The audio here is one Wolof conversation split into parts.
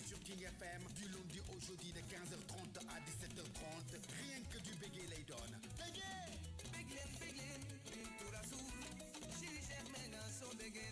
sur King FM du lundi au jeudi de 15h30 à 17h30. Rien que du bégué Laydon. donne Bégué! Bégué,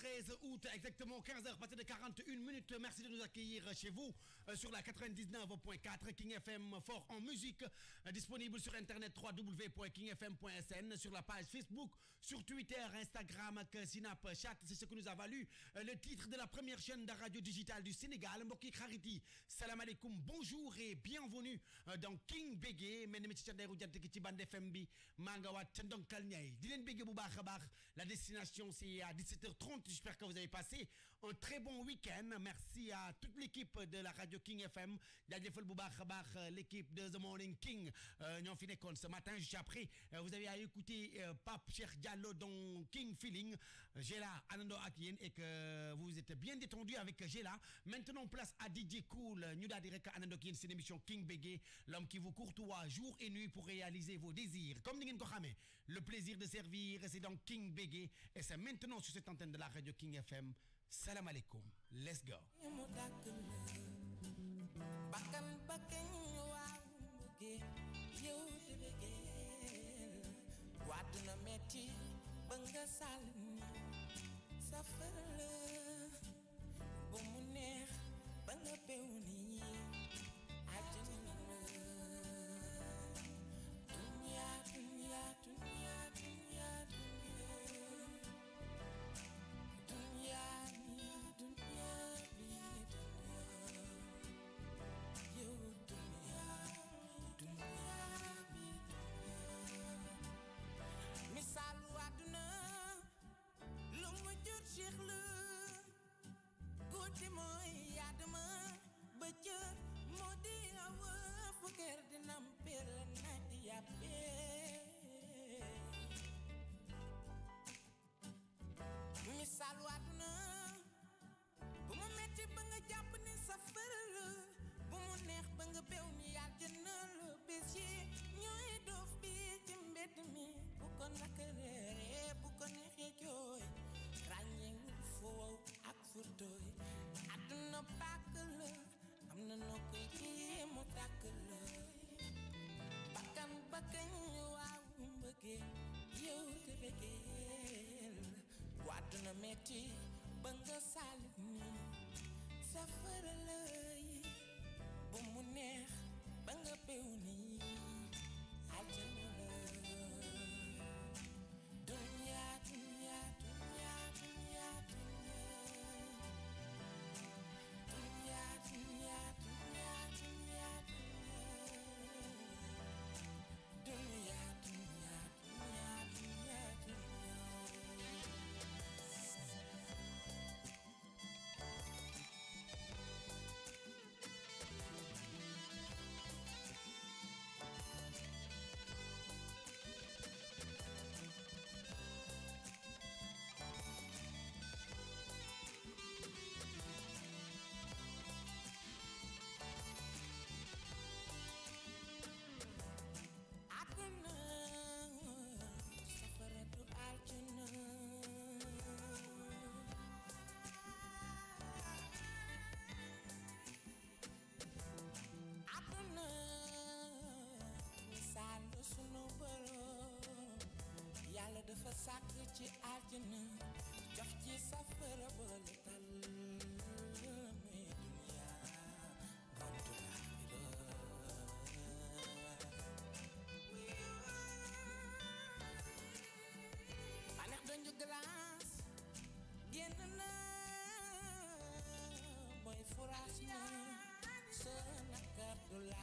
13 août, exactement 15h, passé de 41 minutes. Merci de nous accueillir chez vous. Euh, sur la 99.4 King FM Fort en musique, euh, disponible sur internet www.kingfm.sn, sur la page Facebook, sur Twitter, Instagram, euh, Chat, C'est ce que nous a valu le titre de la première chaîne de radio digitale du Sénégal, Mboki Khariti. Salam alaikum, bonjour et bienvenue dans King Bégué. Kalniay. la destination c'est à 17h30. J'espère que vous avez passé un très bon week-end. Merci à toute l'équipe de la radio King FM euh, l'équipe de The Morning King nous euh, fi finissons ce matin juste appris, euh, vous avez à écouter Pape Cheikh Diallo dans King Feeling Gela Anando et que vous êtes bien détendu avec Gela maintenant place à DJ Cool ñu direct à Anando c'est c'est émission King Bege, l'homme qui vous courtoie jour et nuit pour réaliser vos désirs comme le plaisir de servir c'est dans King Bege, et c'est maintenant sur cette antenne de la radio King FM salam alaykoum, let's go bakkan bakkan waaw mbëggeel yow de bëggeel wàdduna metti ba nga sàll ni safara bu mu neex ba nga bew nii kër dinam pel na bu mu metti ba nga jàpp ni safara la bu mu neex ba nga bew ni yàgg na la yi ñooy doof bi ci mbedd mi bu ko nakareeree bu ko neexee jooy ràññeewul foow ak furtooy àdduna bàkk na noo koy mu tàkk la bakkan bakkan waaw mbëggeel yow te bëggeel wàdd na metti ba nga saalit ni safara lay ba mu neex ba nga bew nii don't like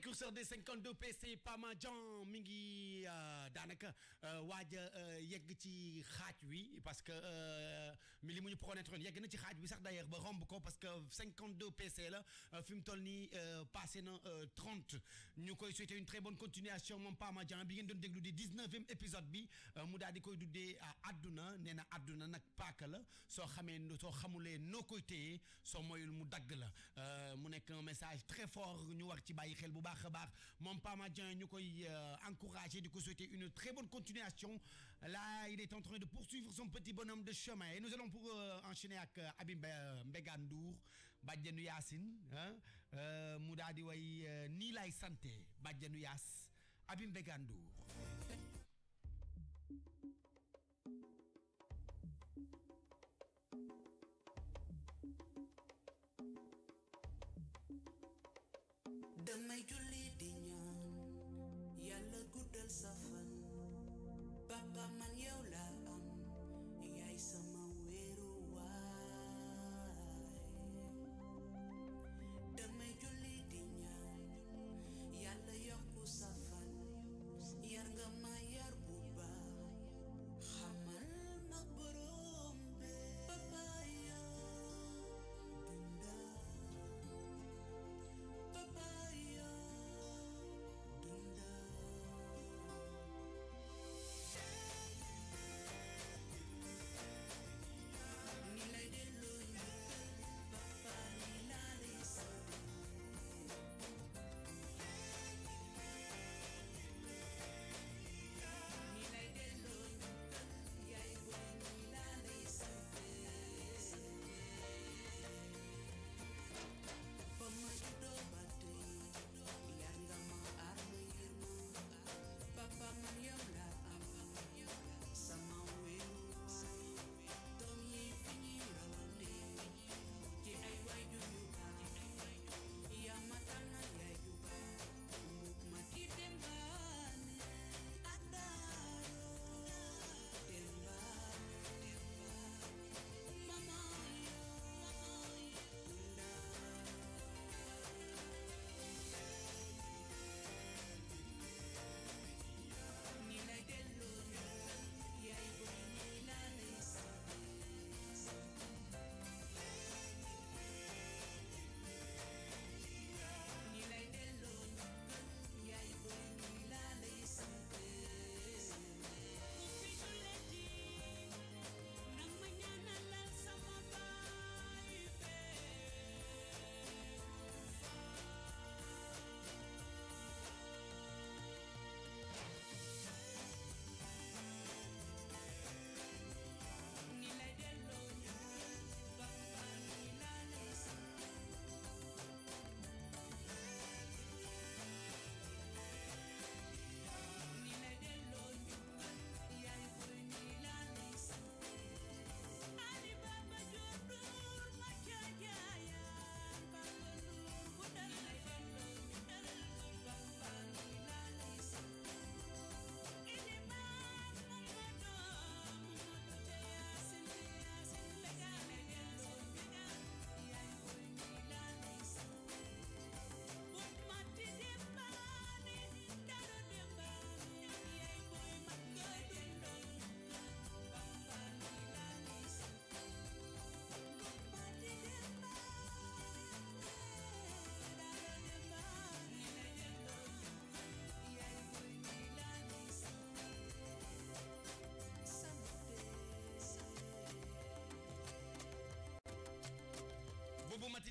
précurseur des 52 PC pas ma Mingi daanaka euh, waaj a euh, yegg ci xaaj wi parce que euh, mi li ñu promettoon yegg na ci xaaj bi sax d'ailleurs ba romb ko parce que 52 PC la fi mu toll nii passé na 30 ñu koy souhaiter une très bonne continuation moom pa Dieng bi ngeen doon déglu di 19e épisode bi mu dal di koy duddé àdduna nee na àdduna nag paaka la soo xamee so xamulé nokoy koy so moyul mu dag la mu nek un message très fort ñu war ci bàyyi xel bu baax a baax moom Pama Dieng ñu koy encourager di ko souhaiter une très bonne continuation. Là, il est en train de poursuivre son petit bonhomme de chemin. Et nous allons pour euh, enchaîner avec euh, Abim euh, Mbegandour, Badjanou Yassine, hein, Moudadi Nilay Santé, Badjanou Yass, Abim Mbegandour. pa man yow love. am yaay sama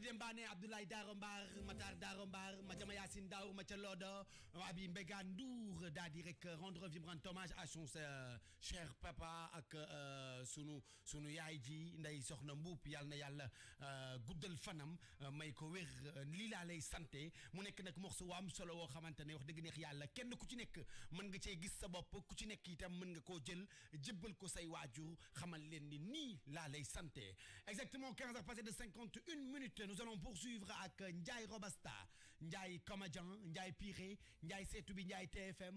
Djibril Mbane Abdoulaye Daro Mbar Matar Daro Mbar Madiama Yacine Daour Matia Lodo Abi Mbegane Ndour da daal euh, rendre vibrant hommage à son euh, cher papa ak euh, sunu sunu yaay ji nday soxna Mbuup yàlla na euh, guddal fanam may ko wér santé mu nek nak morceau am solo wo xamantene wax deug neex yalla kenn ku ci nek man nga cey gis sa bop ku ci nek itam man nga ko jël jébbal ko say xamal len ni santé exactement 15 heures passées de 51 minutes nous allons poursuivre ak Ndiaye Robasta Ndiaye Comédien Ndiaye Piré Ndiaye Setubi, bi TFM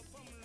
from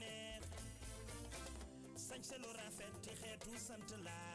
neex sañse lu rafet ci xeetu sant laa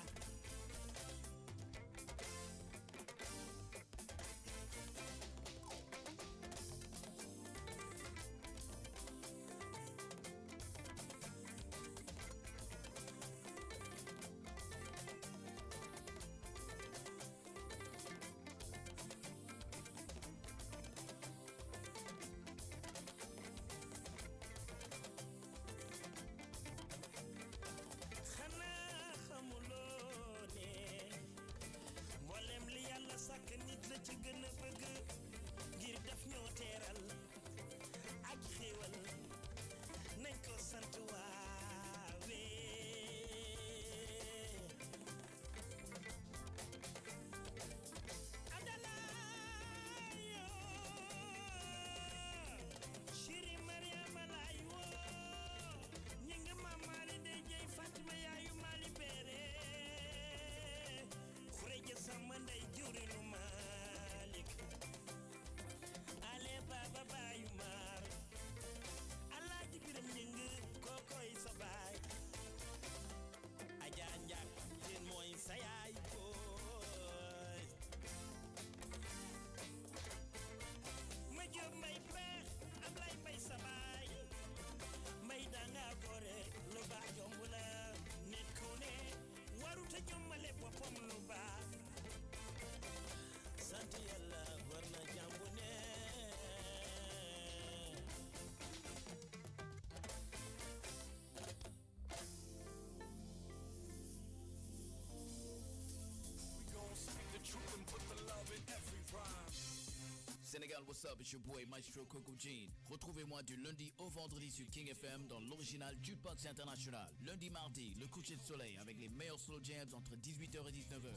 Sénégal, what's up? It's your boy Maestro Coco Jean. Retrouvez-moi du lundi au vendredi sur King FM dans l'original du Box International. Lundi, mardi, le coucher de soleil avec les meilleurs slow jams entre 18h et 19h.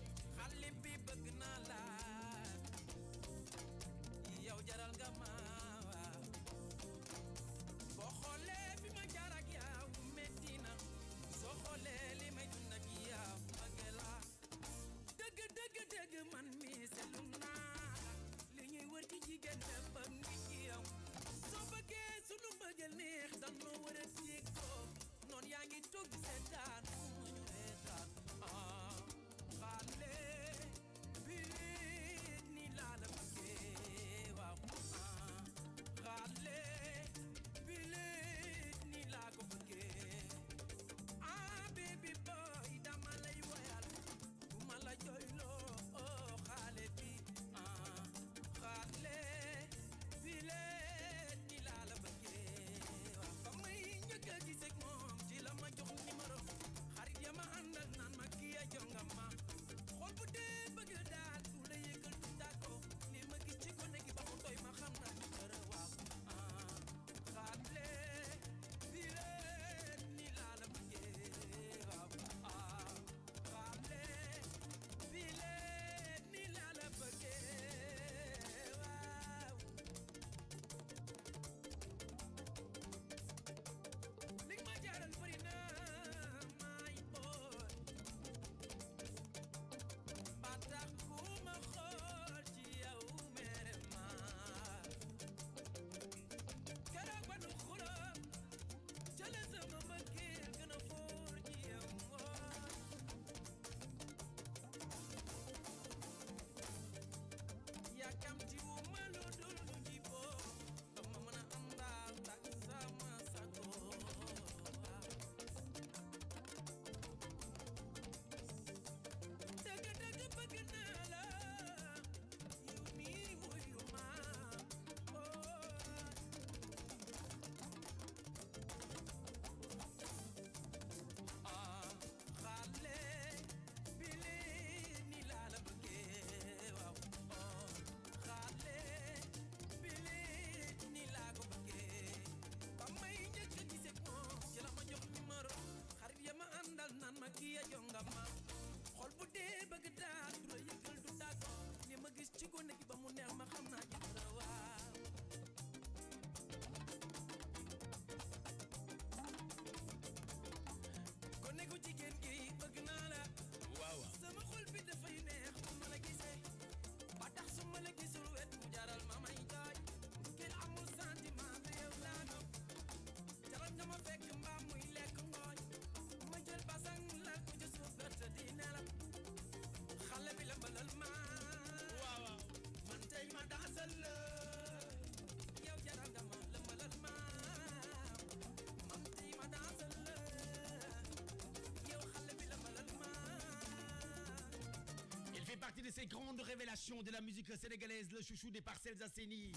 de ces grandes révélations de la musique sénégalaise, le chouchou des parcelles assainies,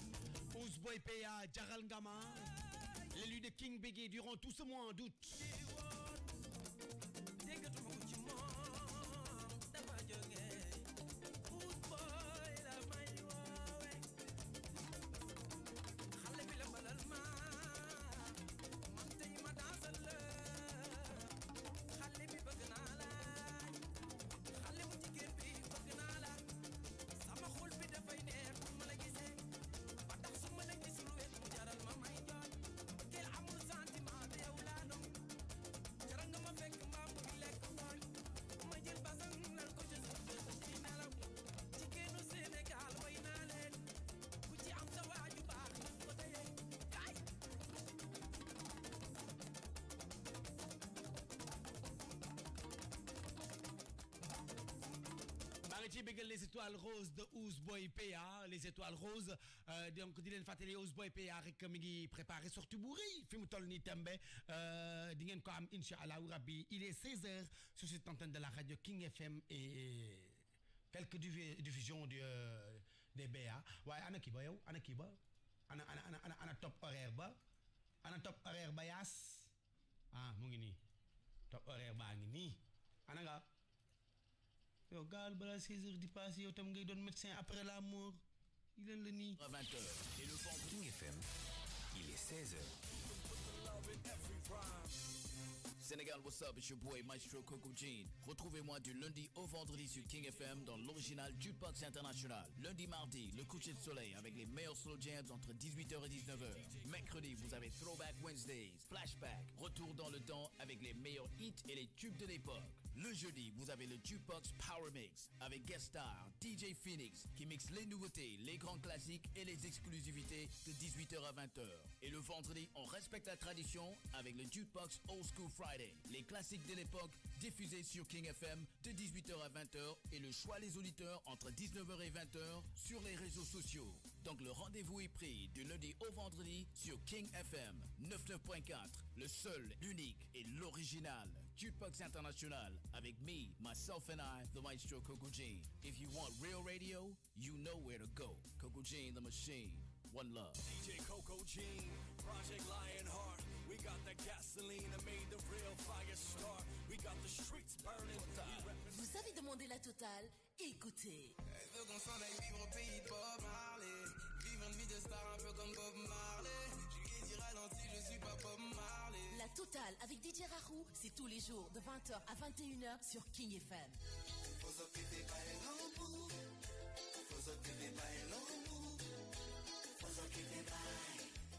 Ousboy Pea, Djaral Ngama, l'élu de King Biggie durant tout ce mois d'août. bégal les étoiles roses de Ouzboy PA les étoiles roses euh, donc di leen fàttali PA avec, comme, ngi préparé sorti bu rëy fi tembe euh, di ngeen ko am incha allahu il est 16h sur cette antenne de la radio King FM et quelques diffusions de euh, des BA waaye ana kii ba yow ana kii ba ana ana ana ana top horaire ba ana top horaire ba yas, ah mu ngi nii top horaire baa ngi nii ana nga yow gaawal voilà 16 h du passé tam médecin après la mort est le la À 20 et le vent King FM il est 16 h Sénégal, what's up? It's your boy Maestro Coco Jean. Retrouvez-moi du lundi au vendredi sur King FM dans l'original du Jukebox International. Lundi, mardi, le coucher de soleil avec les meilleurs slow jams entre 18h et 19h. Mercredi, vous avez Throwback Wednesdays, Flashback, Retour dans le temps avec les meilleurs hits et les tubes de l'époque. Le jeudi, vous avez le Jukebox Power Mix avec guest star DJ Phoenix qui mixe les nouveautés, les grands classiques et les exclusivités de 18h à 20h. Et le vendredi, on respecte la tradition avec le Jukebox Old School Friday. Les classiques de l'époque diffusés sur King FM de 18h à 20h et le choix des auditeurs entre 19h et 20h sur les réseaux sociaux. Donc le rendez-vous est pris du lundi au vendredi sur King FM 99.4, le seul, l'unique et l'original. Jukebox International avec me, myself and I, the maestro Coco Jean. If you want real radio, you know where to go. Coco Jean, the machine. One love. DJ Coco Jean, Project Lionheart. We got the gasoline that made the real fire start. We got the streets burning. Vous avez demandé la totale? Écoutez. Elle veut qu'on s'en aille vivre au pays de Bob Marley. Vivre une vie de star un peu comme Bob Marley. Je lui ai dit ralenti, je suis pas Bob Marley. La totale avec DJ Rahou, c'est tous les jours de 20h à 21h sur King FM.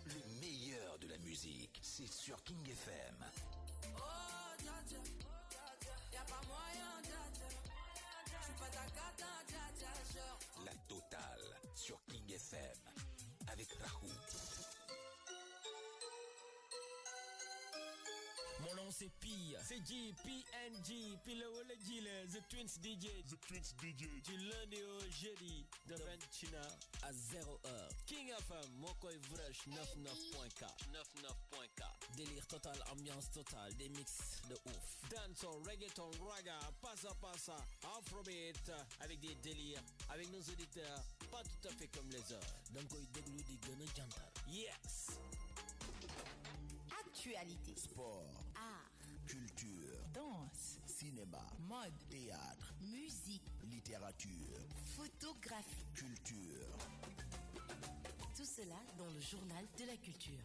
Le meilleur de la musique, c'est sur King FM. Oh, la totale sur King FM avec Rahou. On c'est pire. C'est G, PNG, le Gile, The Twins DJ. The Twins DJ. Du lundi au jeudi, de 20 h à 0h. King of Mokoy Vrush, 99.4. 99.4. Délire total, ambiance totale, des mix de ouf. Dance au reggaeton, raga, passa passa, afrobeat, avec des délires, avec nos auditeurs, pas tout à fait comme les autres. Donc, il des Yes! Sport. Art. Culture. Danse. Cinéma. Mode. Théâtre. Musique. Littérature. Photographie. Culture. Tout cela dans le journal de la culture.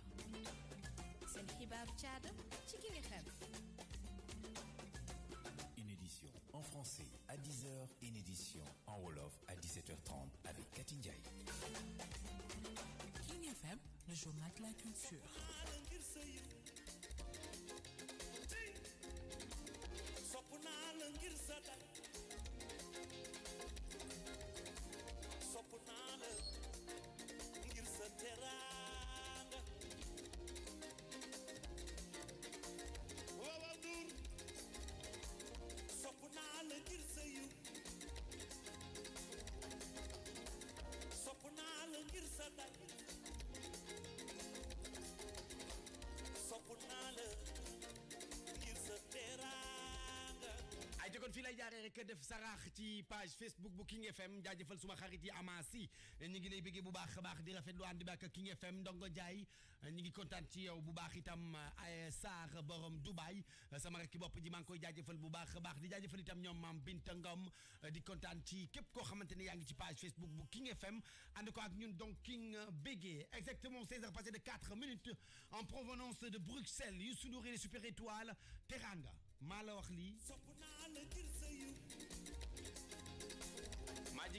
Une édition en français à 10h, une édition en Wolof à 17h30 avec Katin FM, le journal de la culture. Sakir Sata. a def saraax ci page Facebook bu King FM jaajëfal suma xarit yi amaasi ñu ngi lay bëggee bu baax baax di rafet ànd bi King FM ndongo jaay ñu ngi kontaan ci yow bu baax itam ay borom dubai sama rakki bop ji mang koy jaajëfal bu baax baax di jaajëfal itam ñom mam Binta Ngom di kontaan ci kep ko xamanteni ne ngi ci page Facebook bu King FM and ko ak ñun donc King bëggee exactement 16 h passé de 4 minutes en provenance de Bruxelles Youssou nouré les Super Étoiles Teranga mala wax li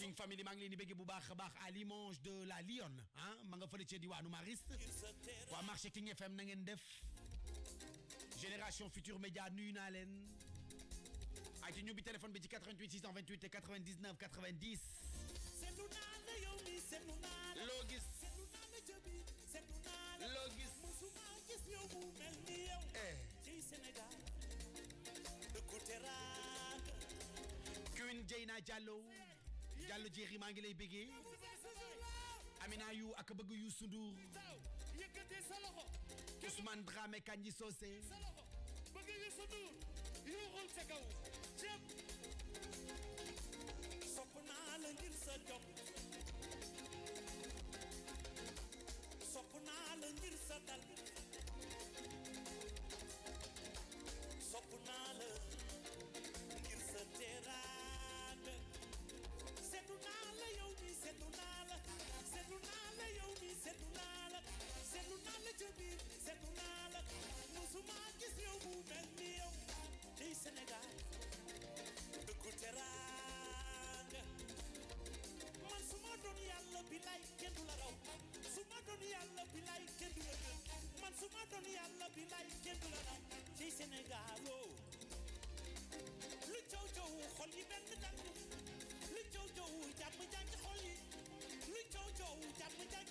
King Family maa ngi leen bu baax a baax à l'image de la Lyon ah hein? ma nga fële ci diwaanu Mariste wa marché King FM na ngeen def Génération Futur Média nuyu naa leen ay ñu bi téléphone bi ci 88 628 et 99 90 c'est loo gis loo gis eh Queen Dieyna Diallo Diallo jeexi maa ngi lay béggee Amina yu ak bëgg Youssou Ndour Ousmane Dramé Kandji Socé bëgg Youssou Ndour yuuxul ca kaw jëm sopp naa la ngir sa jom sopp naa la ngir sa dal Sénégal dëggu teraanga man su ma doon yàlla bilaay kenn du la raw su ma doon yàlla bilaay kenn du la gën man su ma doon yàlla bilaay kenn du la raw ci Sénégal oo lu coow coow xol yi lu coow coow jàmm yi lu coow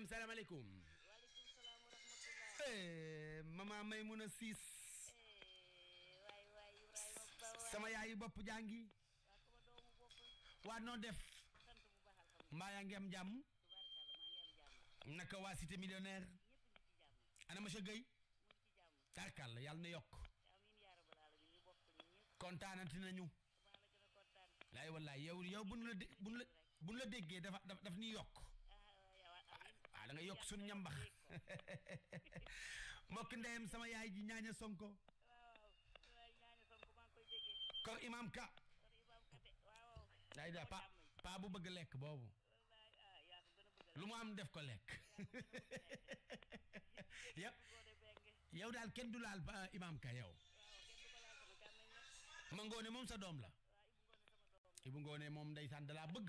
FM salaamaaleykum. waaleykum salaam wa rahmatulah. Eh, maman Siis. Eh, waay waay sama yaayu bopp jàngi. waa noo def. mbaa yaa ngi am jàmm. naka waa cité millionnaire. ana monsieur Guèye. tarkal yàlla na yokk. kontaanati nañu. laay wallaay yow yow bu nu la bu la déggee dafa daf ñuy yokk. da nga yok suñu ñambax mbokk ndeyam sama yaay ji ñaña sonko kor imam ka day pa pa bu bëgg lek bobu lu mu am def ko lek yëpp yow dal kenn du laal imam ka yow ma ngone mom sa dom la ibu ngone mom ndaysan da la bëgg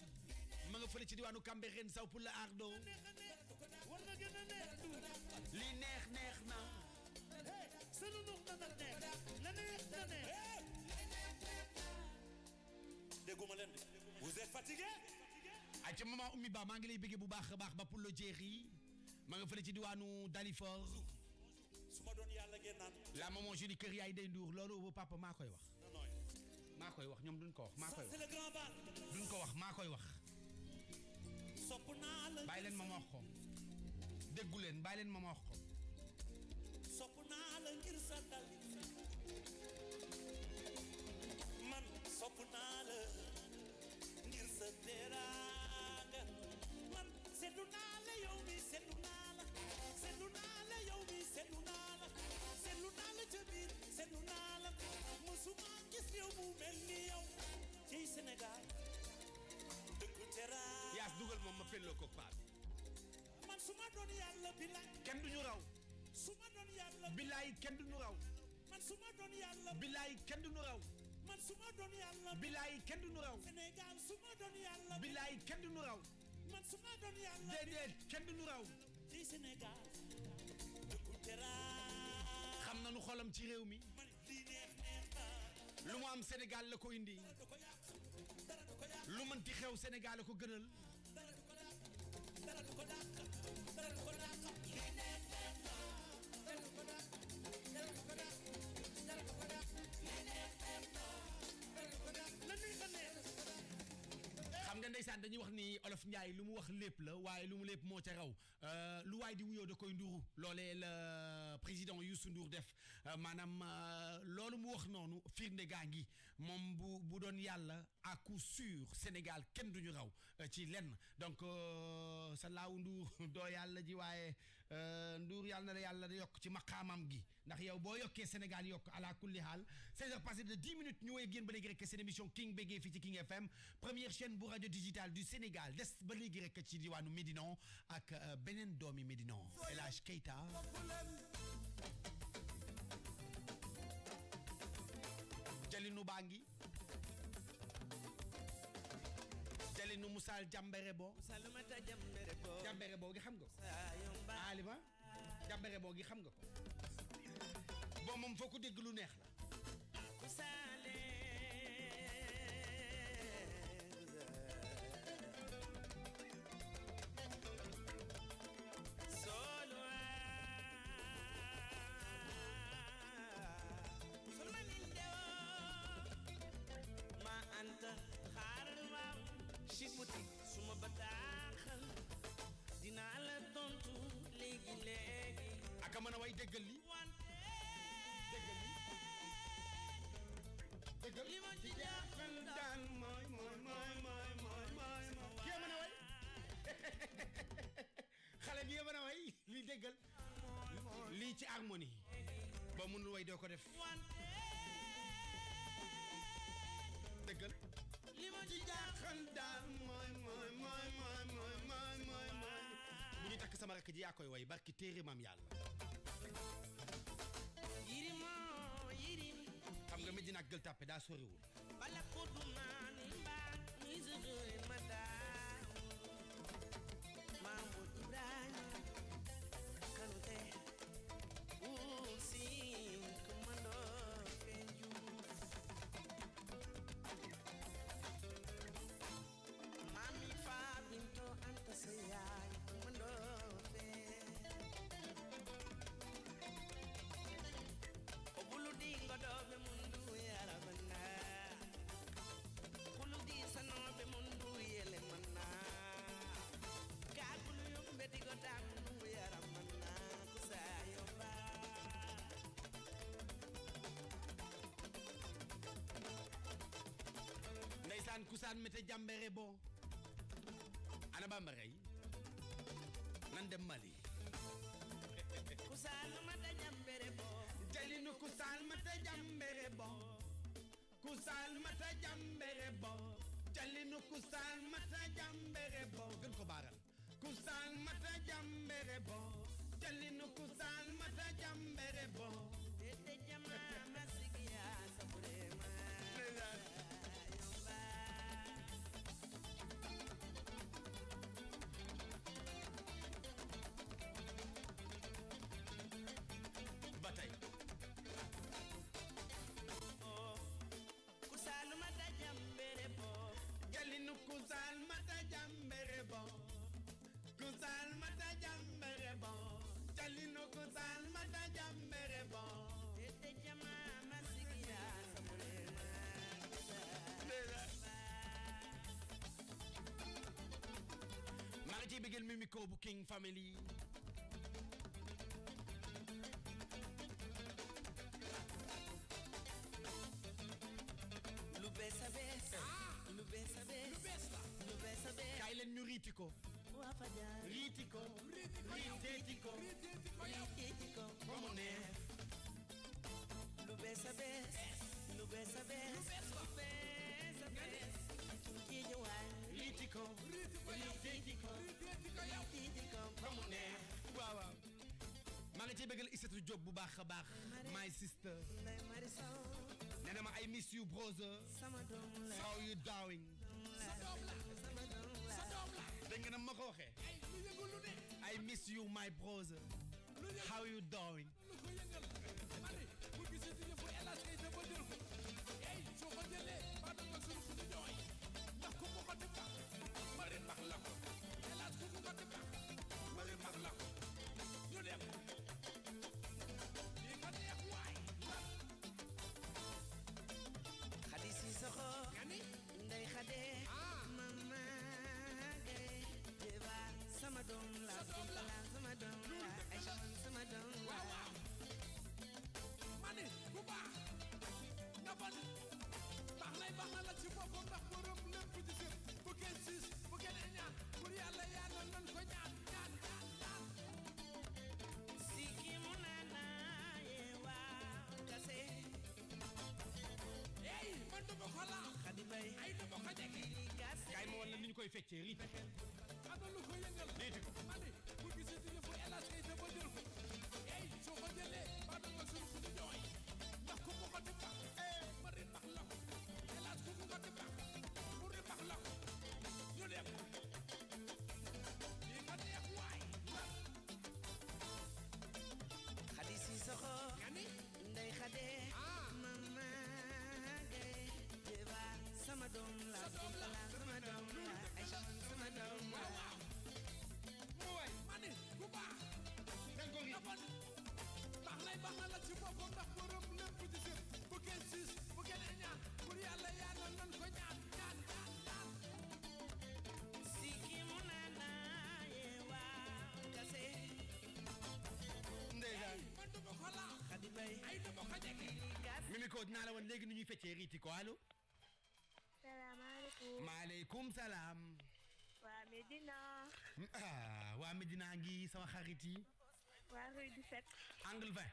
ma nga fële ci diwaanu Cambérène saw pour la ardo li neex neex na sunu nux na nag neex la neex na neex dégguma leen vous êtes fatigué ay ci maman Oumy Ba maa ngi lay bëggee bu baax a baax ba pour le jeexi ma nga fële ci diwaanu dalifor suma ma doon yàlla ngeen naan la maman Julie kër yaay day nduur loolu papa maa koy wax maa koy wax ñoom duñ ko wax maa koy wax duñ ko wax maa koy wax bàyyi leen ma ma wax ko leen ma ma wax ko sopp ngir sa dal man sopp naa la ngir sa teraanga man seddu naa la yow mi seddu naa mi seddu ci Sénégal dugal moom ma pelloo ko paas. man su ma doon yàlla bilaay. kenn du ñu raw. su kenn du ñu raw. man su ma doon yàlla. bilaay kenn du ñu raw. man su ma doon yàlla. bilaay kenn du ñu raw. Sénégal su ma kenn du ñu raw. man kenn du ñu raw. ci Sénégal. réew mi. lu mu am Sénégal la ko indi. lu mënti xew Sénégal la ko gënal. dara du ko dàq dara du ko dàq nga ndeysaan dañuy wax ni olof Ndiaye lu mu wax lépp la waaye lu mu lépp moo ca raw euh, lu waay di wuyoo da koy nduru loolee la président Youssou Ndour def euh, maanaam euh, loolu mu wax noonu firnde gaa ngi moom bu bu doon yàlla à coup sûr Sénégal kenn duñu raw ci lenn donc sa laaw nduur doo yàlla ji waaye nduur yàlla na la yàlla da yokk ci maqaamam gi ndax yow boo yokkee Sénégal yokk ala kulli haal 16 heures passé de 10 minutes ñu wéy génn ba léegi rek seen émission King Bégué fii ci King FM première chaîne bu radio digitale du Sénégal des ba léegi rek ci diwaanu Médina ak euh, beneen doomi Médina El Hadj Keita Jalinu Bangi Jalinu Musal Jambere Bo Jambere Bo gi xam nga ko Alima Jambere Bo gi xam nga ko on moom foo ko gëm li ma ci jaaxal daan mooy mooy mooy mooy mooy mooy kii mën a way xale bi nga mën a way lii déggal lii ci harmonie ba mënul way doo ko def déggal li ma ci jaaxal daan mooy mooy mooy mooy mooy mooy mooy bu ñu takk sama rakk ji yaa koy way barki téere maam yàlla xam nga Medina ak Gueule Tapée daa soriwul tan mete jambere bo ana bambara yi nan dem Mali kusal mata jambere bo jalinu kusal mata jambere bo kusal mata jambere bo jalinu kusal mata jambere bo gën ko baaral kusal mata jambere bo jalinu kusal mata jambere bo jagleel mimiko bu King Family lu bees a bees ah! lu bees a bees lu bees a bees kaay leen ñu riiti ko riiti ko riiteeti ko riiteeti ko ba la cay bëggal Issatou bu baax a baax my sister ne na ma ay miss yu brother how you doing sa doom la sa doom la dégg nga ma ko waxee ay miss yu may brother how you doing I don't ngeen. am na lu ko ko dinaa la woon léegi nu ñuy feccee riiti ko allo. salaamaaleykum. maaleykum salaam. waa Medina. ah waa Medina ngi sama xarit yi. angle 20.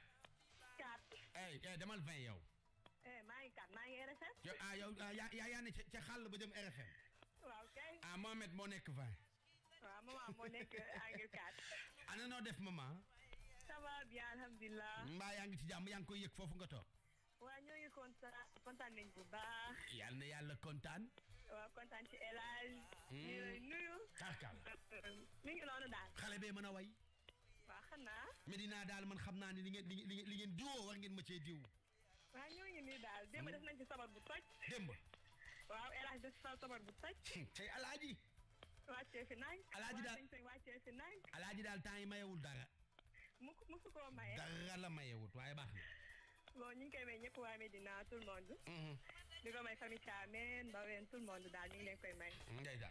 4. Eh, eh demal 20 yow. eh maa ngi 4 maa ngi RFM. Ah, ah, yaa yaa ne ca xàll ba jëm RFM. waaw kay. ah moo nekk noo def maman. ça va bien yaa ngi ci jàmm yaa ngi koy yëg foofu nga toog. waa ñoo ngi kontaan kontaan nañ bu baax. yal na yàlla kontaan. waaw kontaan ci El Hadj. Hmm. nuyu. tarkal mi ngi noonu daal. xale bee mën a way. waaw xam naa. Medina daal man xam naa ni li ngeen li ngeen diwoo war ngeen ma cee diw. waaw ñoo ngi nii daal démb hmm? def nañ ci sabar bu toj. démb. waaw El Hadj def sa sabar bu toj. tey daal wàccee fi naaj. El Hadj daal temps yi mayewul dara. mu musu koo maye. dara la mayewut waaye baax na. bon ñu ngi koy may ñëpp waa Medina tout le monde. Mm-hmm. di ko may famille Thiamène Mbaween tout le monde daal ñu ngi leen koy may. ngay daal.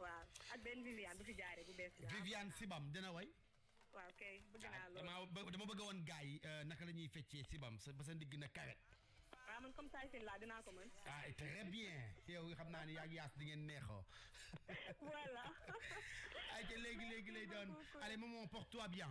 waaw ak benn Viviane bu fi jaaree bu bees. Viviane Sibam dina way. waaw kay bëgg ah, naa lool dama bëgg woon gars yi euh, naka la ñuy feccee Sibam ba sa ndigg na kawe. waaw man comme Tyson laa dinaa ko mën. ah très bien yow xam naa ne yaa ngi yaas di ngeen neexoo. voilà. ayca léegi léegi lay doon allez maman porte-toi bien.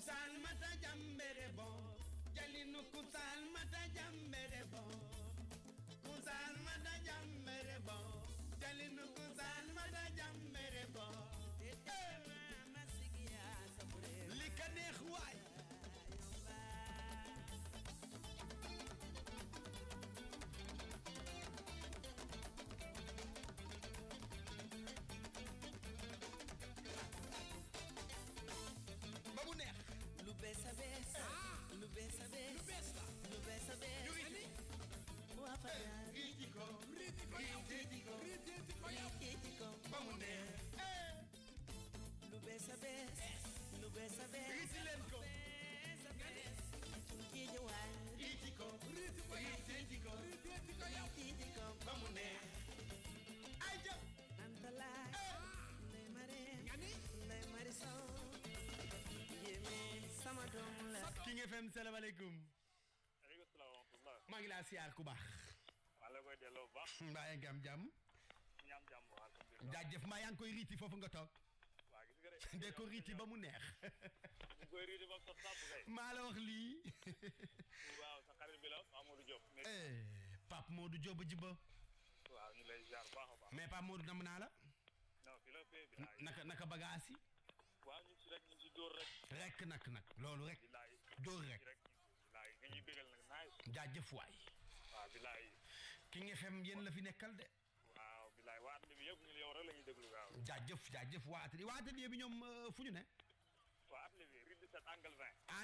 kusal mata jambere bo jalinu kusal mata jambere bo kusal mata jambere bo jalinu kusal mata jambere bo likane khwa Birame salaamaaleykum. waaleykum salaam. maa ngi laa siyaar ku baax. maa la koy bu baax. mbaa yaa ngi am jàmm. ñu am jàmm waaw. jaajëf maa yaa ngi koy riiti foofu nga nga de. de ko riiti ba mu neex. mu koy riiti ba maa la wax lii. waaw sa xarit bi la Pape Modou Diop. Eh, Pape Modou Diop ba jibba. waaw ñu lay ziar a baax. mais naka naka bagaas yi. waaw ñu loolu rek. dóor rek. jaajëf waay. King FM yéen la fi nekkal de. waaw bilaay waa atelier bi yëpp ñu yow rek la ñuy déglu waaw. jaajëf jaajëf waa atelier waa atelier bi ñoom euh, fu ñu ne. waa atelier bi rue 17 angle 20. Ah,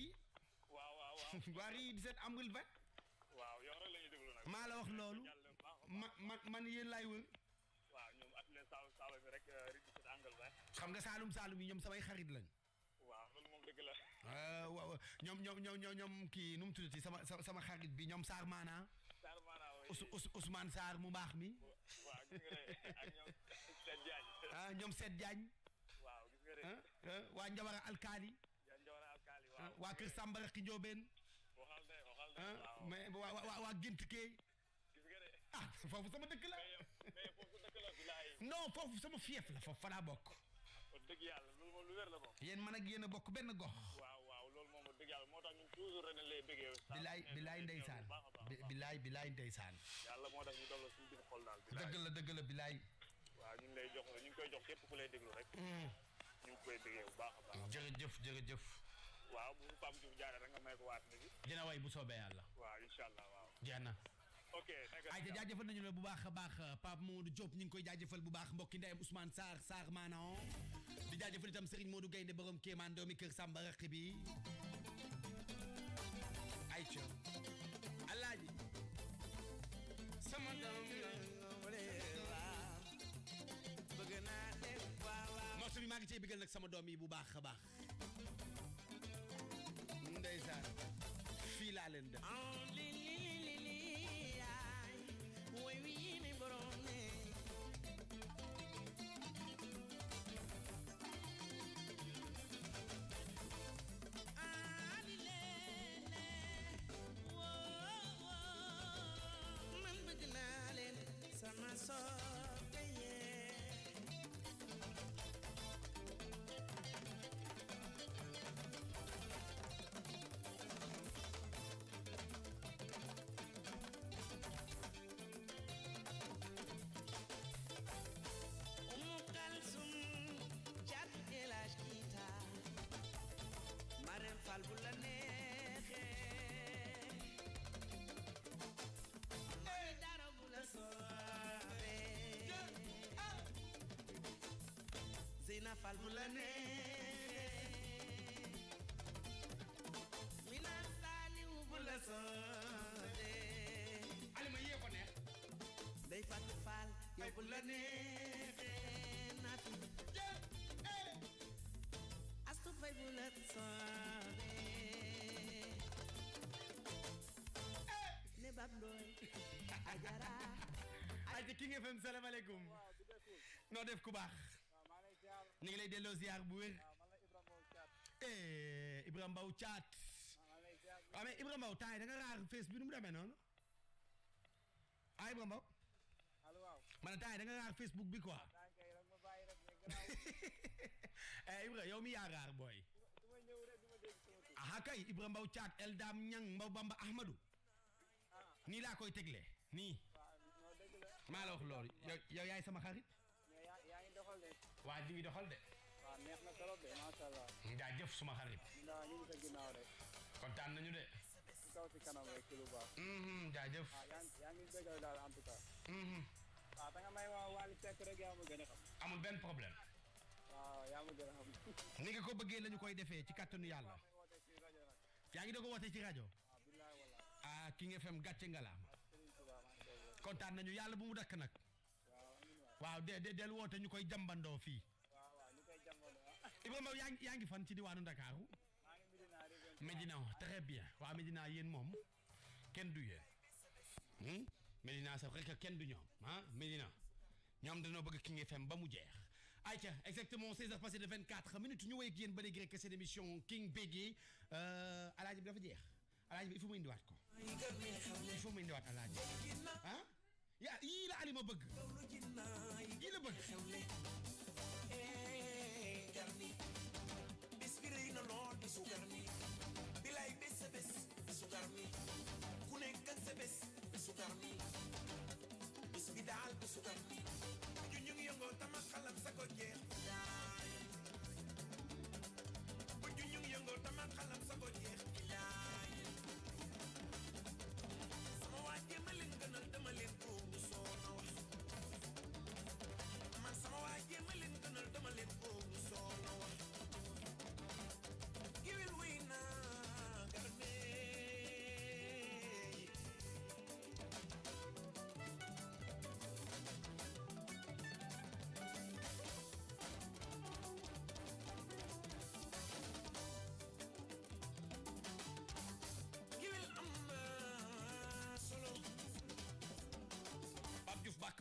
yi. waaw waaw waaw. waa rue 17 angle 20. waaw yow la ñuy maa la wax loolu. ma man man yéen laay wër. waaw ñoom atelier Saalum Saalum yi rek euh, rue 17 xam nga Saalum Saalum yi ñoom samay xarit waaw la. Euh, waaw ñoom ñoom ñoom ñoom kii nu mu tuddati sama sama xarit bi ñoom Sarr Maana. Sarr Maana mu baax mi. waaw gis nga de ak ñoom Seydou Diagne. ah ñoom Seydou Diagne. Ah, ah, waa Njabara Alkaali. Ah, waa Kër Samba Rakki Njóobeen. waa waa waa Gént sama dëkk la. mais foofu sama fief la foofu bokk. dëgg yàlla lu wér bokk. yéen man gox. dëgg yàlla moo tax ñun toujours ren lay bëggee. bilaay eh, bilaay ndeysaan bilaay bilaay ndeysaan. yàlla moo tax ñu doon la suñu biir xol daal. dëgg la dëgg la bilaay. waaw ñu ngi lay jox ñu ngi koy jox képp ku lay déglu rek. Mm. ñu ngi koy bëggee bu baax a baax. jërëjëf jërëjëf. waaw bu Pape Diouf jaaree rek nga may ko waat léegi. dina way bu soobee yàlla. waaw incha allah waaw. jeex na. ok ayca jaajëfal nañu la bu baax a baax Pape Modou Diop ñu ngi koy jaajëfal bu baax mbokki ndeyam Ousmane Sarr Sarr maanaam di jaajëfal itam Serigne Modou Gaynde borom Kéemaan doomi kër Samba raq bi ayca alaaji sama doom bëgg bi maa ngi ciy bëggal nag sama doom yi bu baax a baax ndeysaan fii laa leen we in fal mu la nee mi naan saaliwu bu la soodee alima yee ko neex day fat faal yow bu la neexee naatu eh. astu fay bu la soodee ne bab ndooy ajara aji King FM salaamaaleykum noo def ku baax ñu ngi lay delloo ziar bu wér. Eh, Ibrahima Mbow Thiat. waaw ah, mais Ibrahima yi da nga raar demee noonu ah Ibrahima Mbow. ma ne temps yi da Facebook bi quoi. Eh, Ibrahima yow mi raar booy. ah kay Ibrahima Mbow Thiat Eldam Ñang Mbow Bamba Ahmadou. Ah. nii laa koy tegle nii. maa la wax loolu yow yaay sama xarit. waa di ngi doxal de waaw ah, neex na suma xarit ndax ñu ngi sa ginnaaw de kontaan nañu de ci kaw si kanam rek ci lu baax jaajëf mm-hmm, ah, yaa ngi bégal daal en tout cas waaw mm-hmm. ah, da nga may waa Wally Seck rek yaa ma gën a xam amul benn problème waaw yaa ma gën a xam ni nga ko bëggee lañu koy defee ci kàttanu yàlla yaa ngi doog a ci rajo ah King FM gàcce ngalaam kontaan nañu yàlla bu mu dakk nag waaw de de del woote ñu koy jàmbandoo fii. waaw waaw ñu koy jàmbandoo. Ibrahima yaa ngi fan ci diwaanu Ndakaaru. Medina, oh, très bien waaw Medina yéen moom kenn du yéen. Hmm? Medina c'est vrai que kenn du ñoom ah medina ñoom dañoo bëgg King Fem ba mu jeex. ayca exactement 16 heures passées de 24 minutes ñu voyons ak yéen ba léegi c'est l'émission King Bégué Euh, Aladji, dafa jeex alaaji il faut mu quoi? ko. il faut mu indiwaat Hein? yaa yii la Alima bëgg yii la bëgg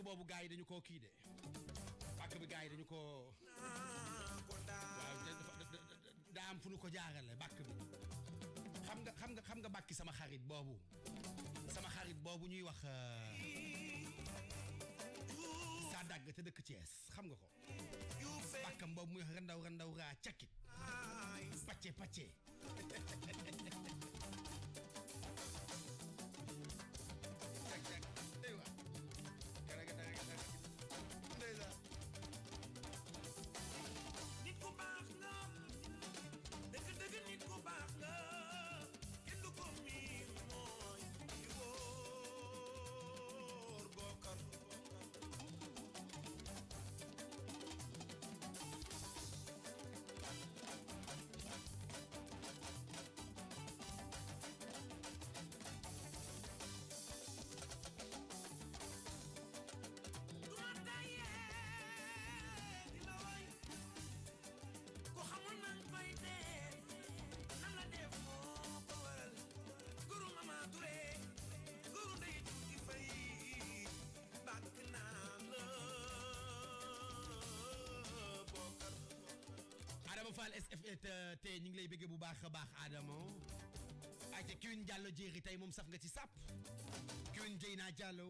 boobu gars yi dañu koo kii de pàkk bi gars yi dañu koo waaw daa am fu nu ko jaarale bàkk bi xam nga xam nga xam nga bàkki sama xarit boobu sama xarit boobu ñuy wax euh, sa dàgg te dëkk Thiès xam nga ko bàkkam boobu muy wax randaw randaw raa cakit pacce pacce Fall SFT ñu ngi lay bëgg bu baax a baax Adama ayca Kiwin Diallo jéeri tey moom saf nga ci sàpp Kiwin Dieyna Diallo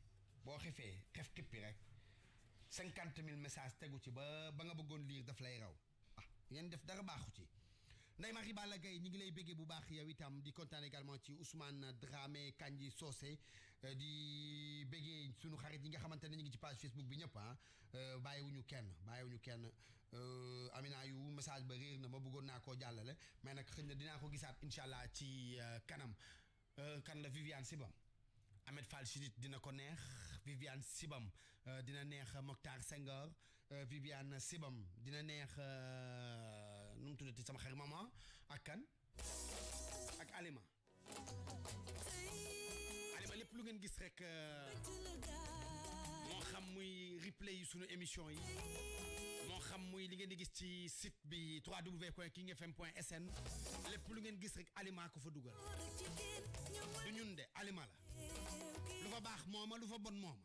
boo xefee xef xippi rek cinquante mille messages tegu ci ba ba nga bëggoon lire daf lay raw ah ngeen def dara baaxu ci Ndeye Marie Balla Gaye ñu ngi lay béggee bu baax yow itam di kontaan également ci Ousmane Dramé Kandji Socé di béggee sunu xarit yi nga xamante ne ñu ngi ci page Facebook bi ñëpp ah bàyyiwuñu kenn bàyyiwuñu kenn Amina yu message ba réer na ma bëggoon naa koo jàllale mais nag xëy na dinaa ko gisaat incha allah ci kanam kan la Viviane Sibam Ahmed Fall Chidid dina ko neex. Euh, euh, euh, Viviane Sibam dina neex Mokhtar Senghor Viviane Sibam dina neex nu mu tuddati sama xarit maman ak ak Alima Alima lépp lu ngeen gis rek moo muy replay yi sunu émission yi xam-xam muy li ngeen di gis ci site bi point ki www.kingfm.sn lépp lu ngeen gis rek aliment ko fa dugal du ñun de aliment la lu fa baax mooma lu fa bon mooma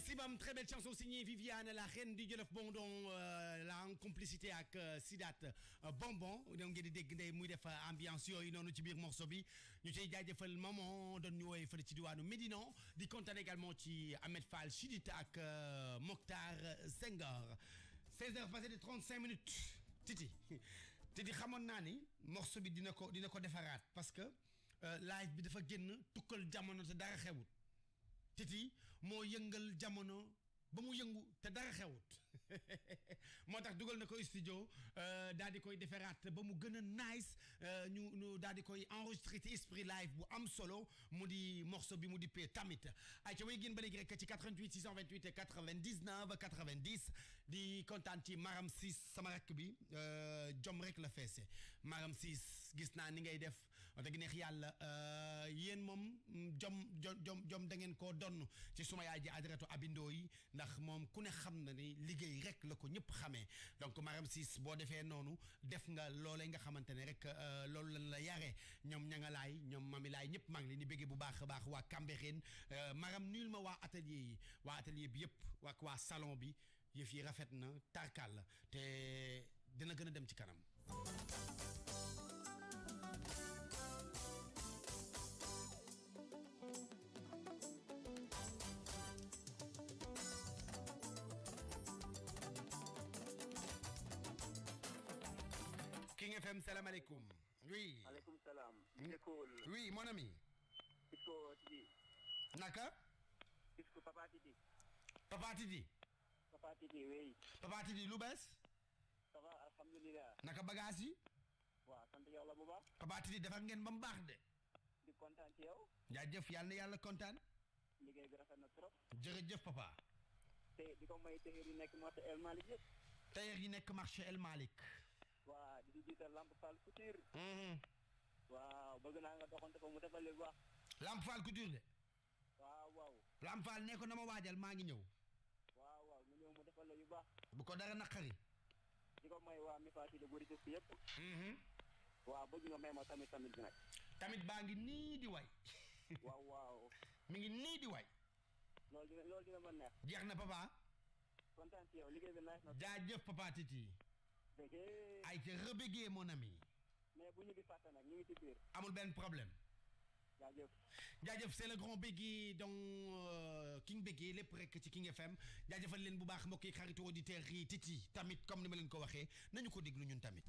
Sibam très belle chanson signée Viviane la reine du de bondon euh, la complicité avec euh, Sidat euh, Bonbon donc il y a ambiance autre morceau également Ahmed Fall Mokhtar 16 heures passées de 35 minutes Titi Titi Ramon Nani, morceau bi dina ko dina ko parce que live bi Titi moo yëngal jamono ba mu yëngu te dara xewut moo tax dugal na ko studio euh, daal di koy defaraat ba mu gën a nice euh, ñu ñu daal di koy enregistré ci esprit live bu am solo mu di morceau bi mu di pee tamit ay ca way gén ba léegi rek ci 88 628 et 99 90 di kontaan ci Maram Ciss sama rakk bi euh, jom rek la feese Maram Ciss gis naa ni ngay def wax dëgg neex yàlla euh, yéen moom mm, jom jom jom da ngeen koo donn ci suma yaay ji ajaratu abindoo yi ndax moom ku ne xam na ni liggéey rek la ko ñëpp xamee donc Maram Ciss boo defee noonu def nga loolee nga xamante ne rek euh, loolu lañ la yaree ñoom ñangalaay ñoom mamilaay ñëpp maa ngi leen di bëggee bu baax a baax waa Cambérène euh, Maram nuyul ma waa atelier yi waa atelier bi yëpp ak waa salon bi yëf yi rafet na tarkal la te dina gën a dem ci kanam Ibrahim, salam alaikum. Oui. Alaikum salam. Hmm? Oui, mon ami. Isko Tidi. Naka Isko Papa Tidi. Papa Tidi. Papa Tidi, oui. Papa Tidi, lu bees. ça va alhamdulilah. naka bagage yi. waaw sant yow la bu baax. Papa Tidi defar ngeen ba mu baax de. di kontaan ci yow. jaajëf yàlla yalla yalla kontaan. liggéey bi rafet na trop. jërëjëf papa. Té diko may tailleur yi nekk marché El Malik. yëpp. tailleur yi nekk marché El Malik. Wa, di jiital Lamp Fall Couture. Mm-hmm. waaw bëgg naa nga doxante fa mu defal léegi wax. Lamp Fall Couture de. waaw waaw. Lamp Fall ne ko na ma waajal maa ngi ñëw. waaw waaw mu ñëw mu defal yu baax. bu ko dara naqari. di ko may waa mi fàttali góor yi yëpp. Mm-hmm. waaw bëgg nga ma tamit tamit bi nag. tamit baa ngi nii di way. waaw waaw. mi ngi nii di way. loolu dina loolu dina ma jeex na papa. kontaan ci yow liggéey bi neex na. jaajëf ay ca rebégué mon ami. mais bu amul benn problème. jaajëf jaajëf c'est le grand Bégué donc euh, King Bégué lépp rek ci King FM jaajëfal leen bu baax mbokk yi xaritu auditeurs yi titi tamit comme ni ma leen ko waxee nañu ko déglu ñun tamit.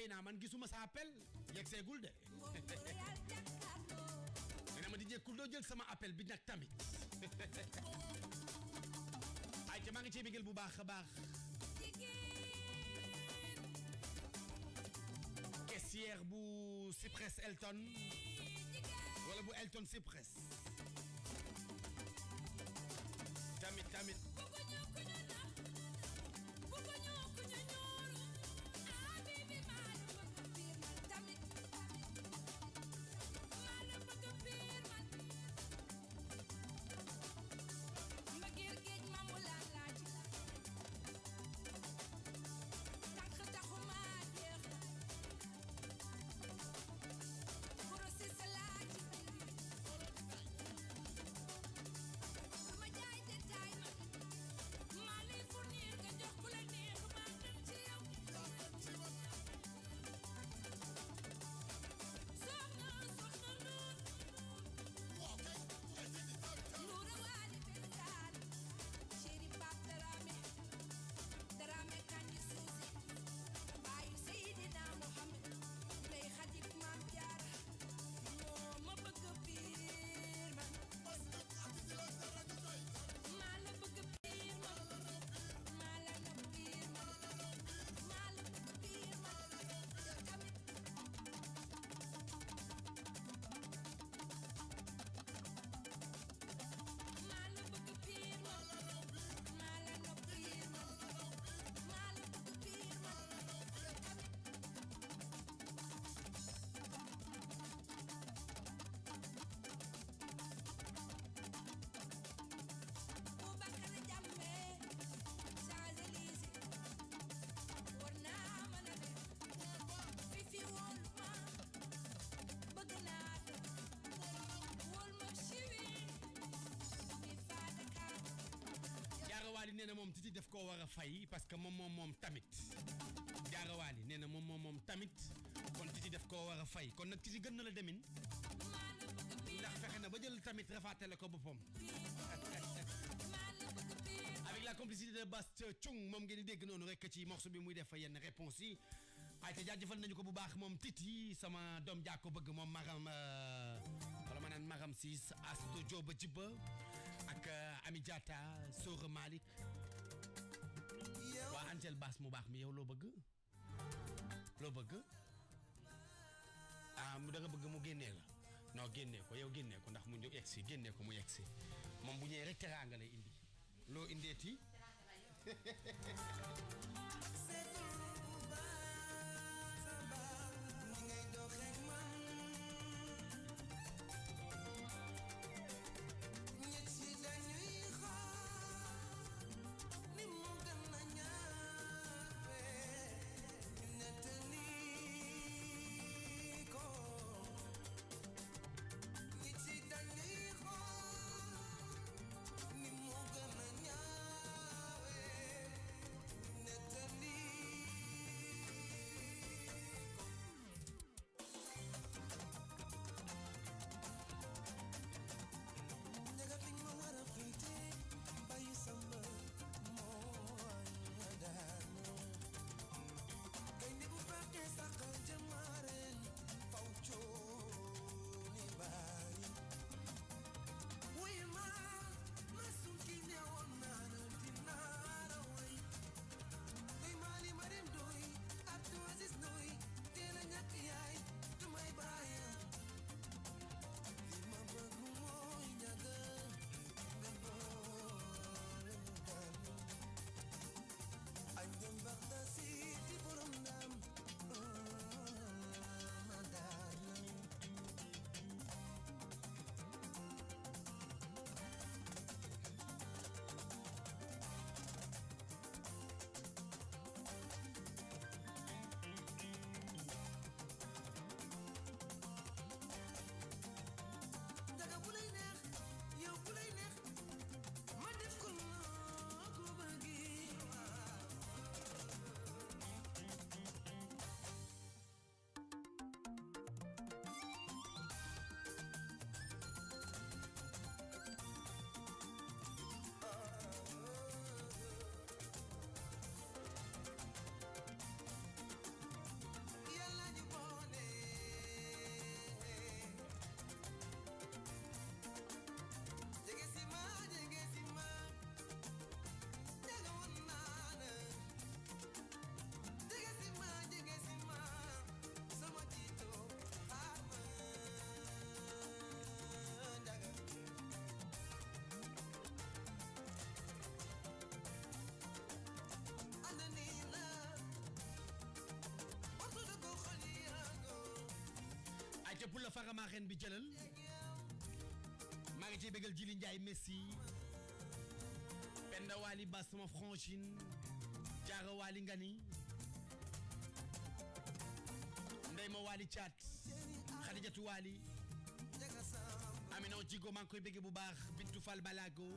a Dieyna man gisuma sa appel yegg seegul de nee na ma di jekkul doo jël sama appel bi nag tamit ay ca maa ngi ciy bégel bu baax a baax caissière bu Cypress Elton wala bu Elton Cypress nee na moom titi def koo war a fay parce que moom moom moom tamit jaarawaali nee na moom moom moom tamit kon titi daf koo war a fay kon nag titi gën na la demin ndax fexe na ba jël tamit rafaatale ko boppam avec la complicité de Bast Chung moom ngeen di dégg noonu rek ci morceau bi muy def yenn réponse yi ay te jaajëfal nañu ko bu baax moom titi sama doom jaako bëgg moom maram euh, wala ma naan maram siis asto jooba jibba ak euh, Ami Diatta Sora Malik cel baas mu baax mi yow loo bëgg loo bëgg ah mu da bëgg mu génnee la non génnee ko yow génnee ko ndax mu jóg egsi génnee ko mu egsi moom bu ñëwee rek teraanga lay indi loo indeeti pour la faramaren bi jëlal maa ngi ciy bégal Jili Njaay Messi Penda Wali Ba sama Franchine Jaara Wali Ngani Ndey ma Wali Caat Xadijatu Wali Amina Jigo maa ngi bu baax Bintu Fall Balago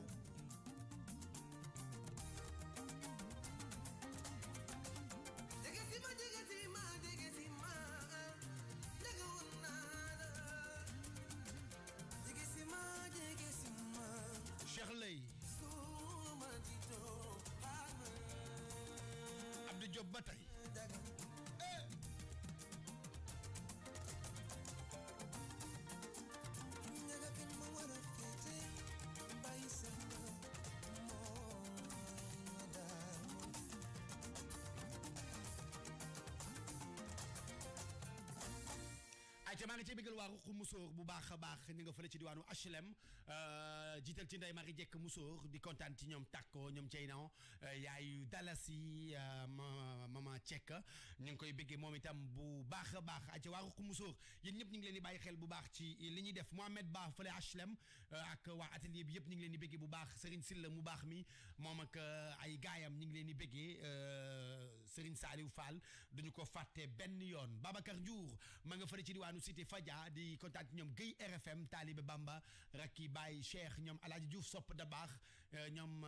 Diop ba tey te maa ngi cee bëggal waa ruq musóor bu baax a baax ñu nga fële ci diwaanu HLM euh, jiital ci ndey mari jekk musóor di kontaan ci ñoom tàkko ñoom cey euh, dalasi euh, Cekka ñu ngi koy bëggee moom itam bu baax a baax aca waa ruq musóor yéen ñëpp ñu ngi leen di bàyyi xel bu baax ci li ñuy def Mohamed Ba fële HLM euh, ak waa atelier bi yëpp ñu ngi leen di bëggee bu baax Serigne Silla mu baax mi moom ak euh, ay gaayam ñu ngi leen di bëggee euh, Serigne Saliou Fall duñu ko fàtte benn yoon Babacar Diour ma nga fële ci diwaanu Cité Fadia di kontaan ci ñoom Guèye RFM Talibé Bamba Rakki Baye Cheikh ñoom Alaaji Diouf sopp da baax ñoom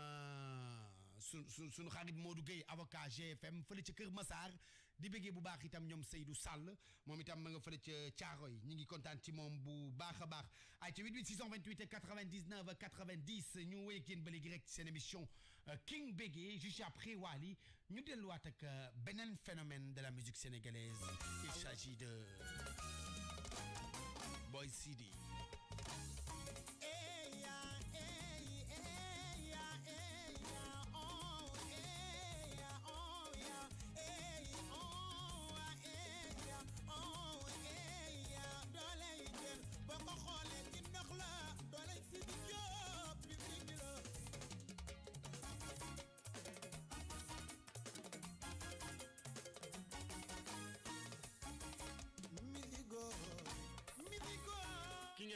su su suñu xarit Modou gay avocat GFM fële ci keur Massar di bëggee bu baax itam ñom Seydou Sall mom itam ma nga fële ca Thiaroy ñi ngi kontaan ci mom bu baax baax ay ci 99 90 ñu wéy kin ba léegi rek euh, King Bégué juste après wali ñu wat ak euh, benen phénomène de la musique sénégalaise il s'agit de Boy city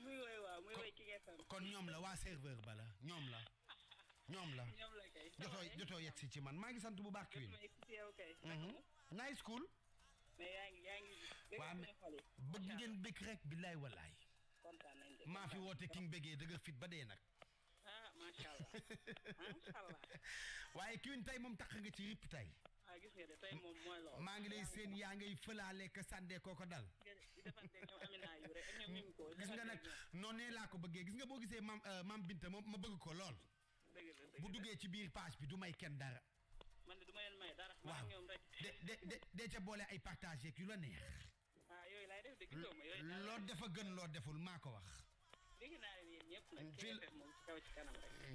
muy kon ñoom la waa serveur bala ñoom la. ñoom la jotoo jotoo si ci man maa ngi sant bu baax. Queen nice cool. mais yaa ngi yaa ngi. rek billaay wallaay. kontaan nañ de maa fi woote ki nga bëggee dëgg fit ba dee nag. Ah, waaye Queen tey mom tax nga ci ripp tey. gis nga de tey moom mooy loolu maa ngi lay seen yaa ngay fëlaale ka sànnee kooko dal. gis nga nag noonee laa ko bëggee gis nga boo gisee mam euh, mam Binta ma ma bëgg ko lool. bu duggee ci biir page bi du may kenn dara. man de du ma leen may dara. waaw de de de de boole ay partage ak yu la neex. ah yooyu laay def loo defa gën loo deful maa ko wax. dégg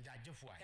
naa waay.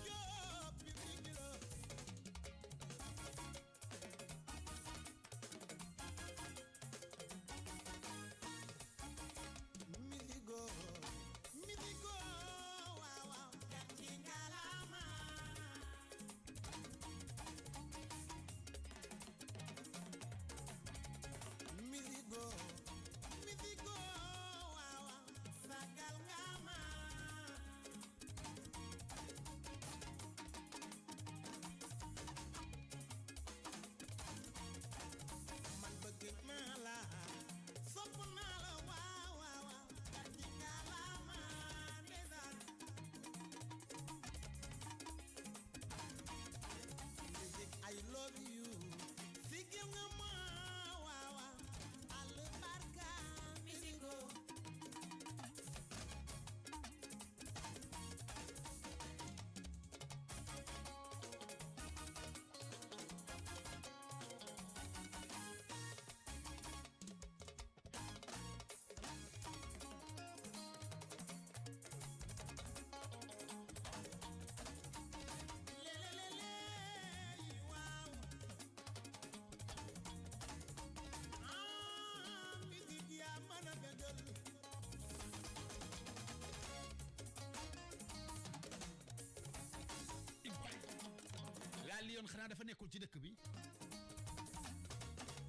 yoon xanaa dafa nekkul ci dëkk bi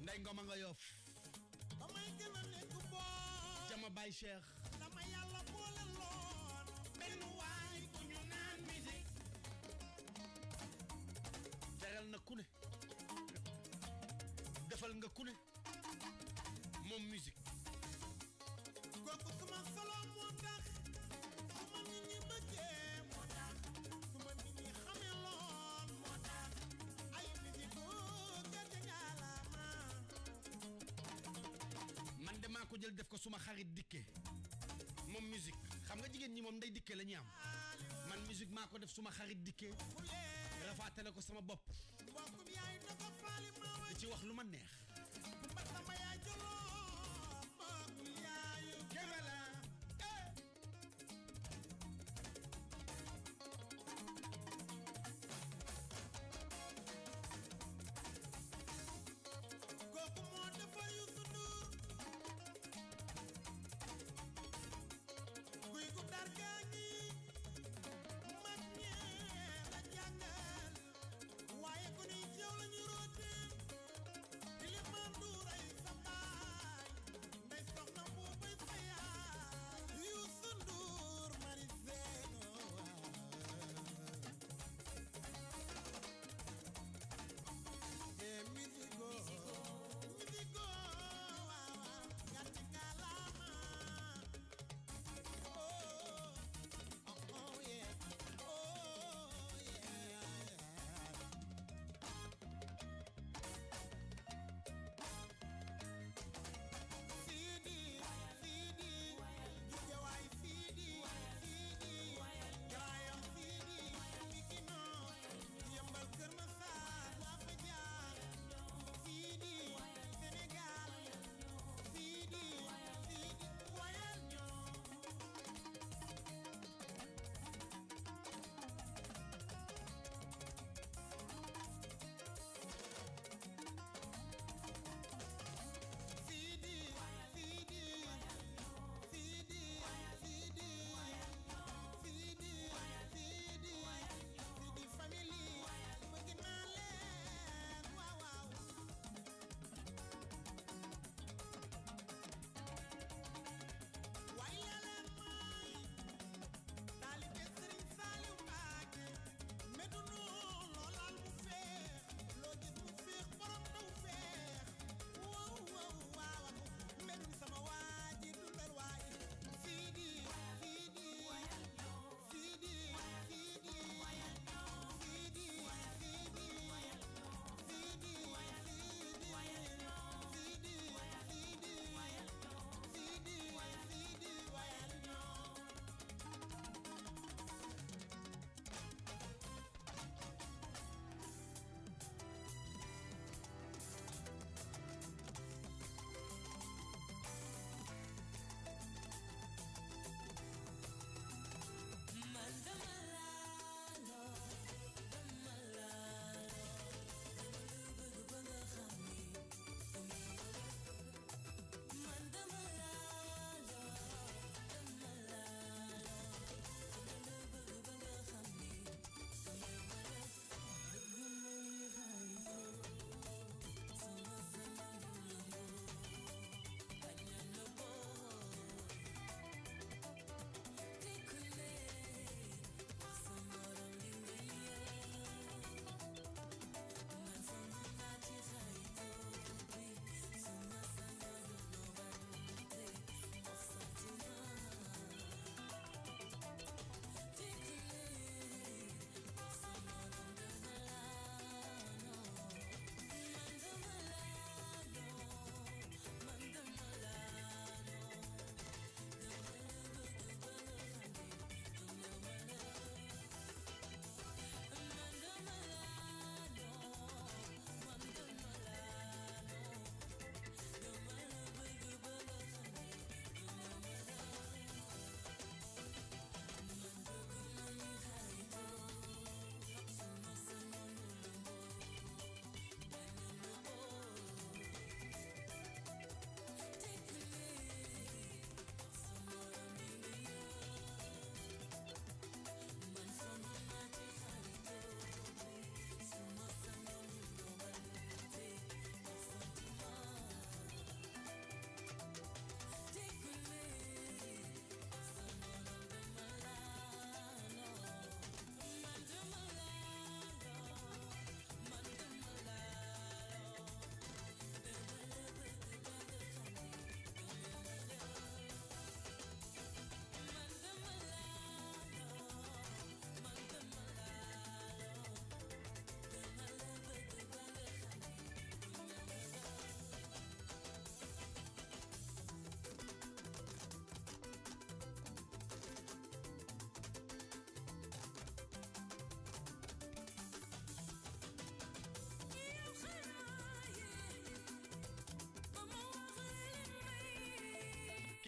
nday ngoma nga yoof damay gën a nekk boor jama bay cheikh dama yàlla boole loon benn waay bu ñu naan musique jaral na ku ne defal nga ku ne moom musique kooku suma solo moo tax suma nit ñi bëggee jël def ko suma xarit dikke moom musique xam nga jigéen ñi moom nday dikke la ñuy am man musique ko def suma xarit dikke rafaatale ko sama bopp di ci wax lu ma neex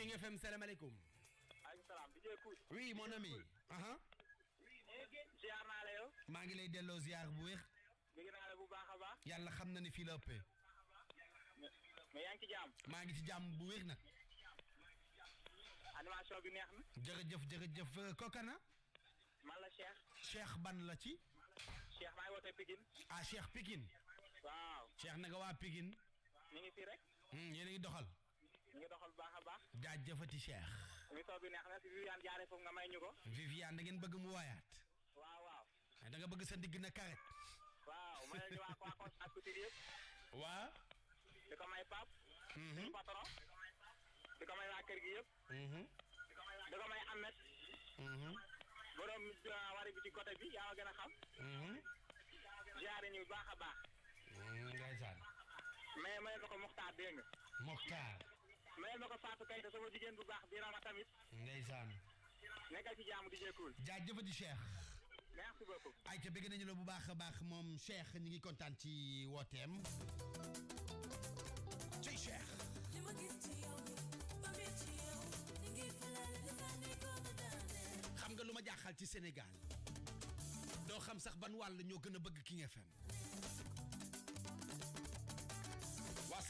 King FM salaamaaleykum. maaleykum salaam DJ Kouth. oui mon ami. ziar naa la yow. maa ngi lay delloo ziar bu wér. dégg naa la bu baax a baax. yàlla xam na ni fii la ëppee. mais yaa ngi ci jàmm. maa ngi ci jàmm bu wér nag. animation bi neex na. jërëjëf jërëjëf kokana man la Cheikh. Cheikh ban la ci. Cheikh maa ngi wootee Pikine. ah Cheikh Pikine. waaw. Cheikh naka waa Pikine. ñu ngi fi rek. Hmm, yéen a ngi doxal. jëfati Cheikh. émission bi neex na si Viviane jaaree foofu nga may ñu ko. Viviane da ngeen bëgg mu waayaat. waaw waaw. da nga bëgg sa ndigg na karet. waaw may ñu waa waa Constance Couture yëpp. waa. di ko may mhm. suñu patron. di ko may waa kër gi yëpp. Mhm. di ko may Ahmed. Mhm. borom euh, wari bi ci côté bi yaa gën a xam. jaaree ñu baax a baax. ndeysaan. mais may ko dégg nga. mayel ma ko Fatou Kayta sama jigéen bu baax di rama tamit. ndeysaan. nekkal ci jaamu di jekkul. jaajëfati Cheikh. merci beaucoup. ayca bëgg nañu la bu baax a baax moom Cheikh ñu ngi kontaan ci wooteem. ci Cheikh. xam nga lu ma jaaxal ci Sénégal doo xam sax ban wàll ñoo gën a bëgg King FM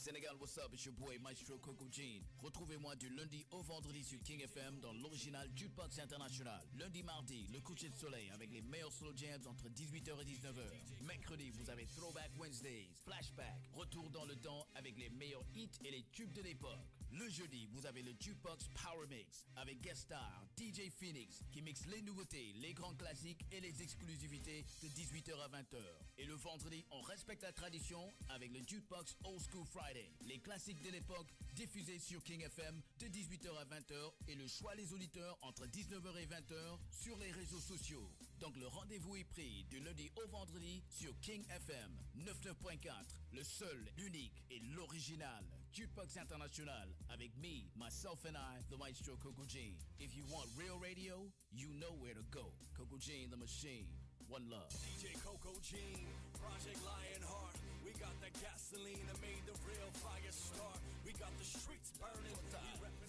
Sénégal, what's up? It's your boy Maestro Coco Jean. Retrouvez-moi du lundi au vendredi sur King FM dans l'original Jukebox International. Lundi, mardi, le coucher de soleil avec les meilleurs slow jams entre 18h et 19h. Mercredi, vous avez Throwback Wednesdays, Flashback, Retour dans le temps avec les meilleurs hits et les tubes de l'époque. Le jeudi, vous avez le Jukebox Power Mix avec guest star DJ Phoenix qui mixe les nouveautés, les grands classiques et les exclusivités de 18h à 20h. Et le vendredi, on respecte la tradition avec le Jukebox Old School Friday. Les classiques de l'époque diffusés sur King FM de 18h à 20h et le choix des auditeurs entre 19h et 20h sur les réseaux sociaux. Donc le rendez-vous est pris du lundi au vendredi sur King FM 99.4, le seul, l'unique et l'original. Jukebox International avec me, myself and I, the maestro Coco Jean. If you want real radio, you know where to go. Coco Jean, the machine. One love. DJ Coco Jean, Project Lionheart. We got the gasoline that made the real fire start. We got the streets burning.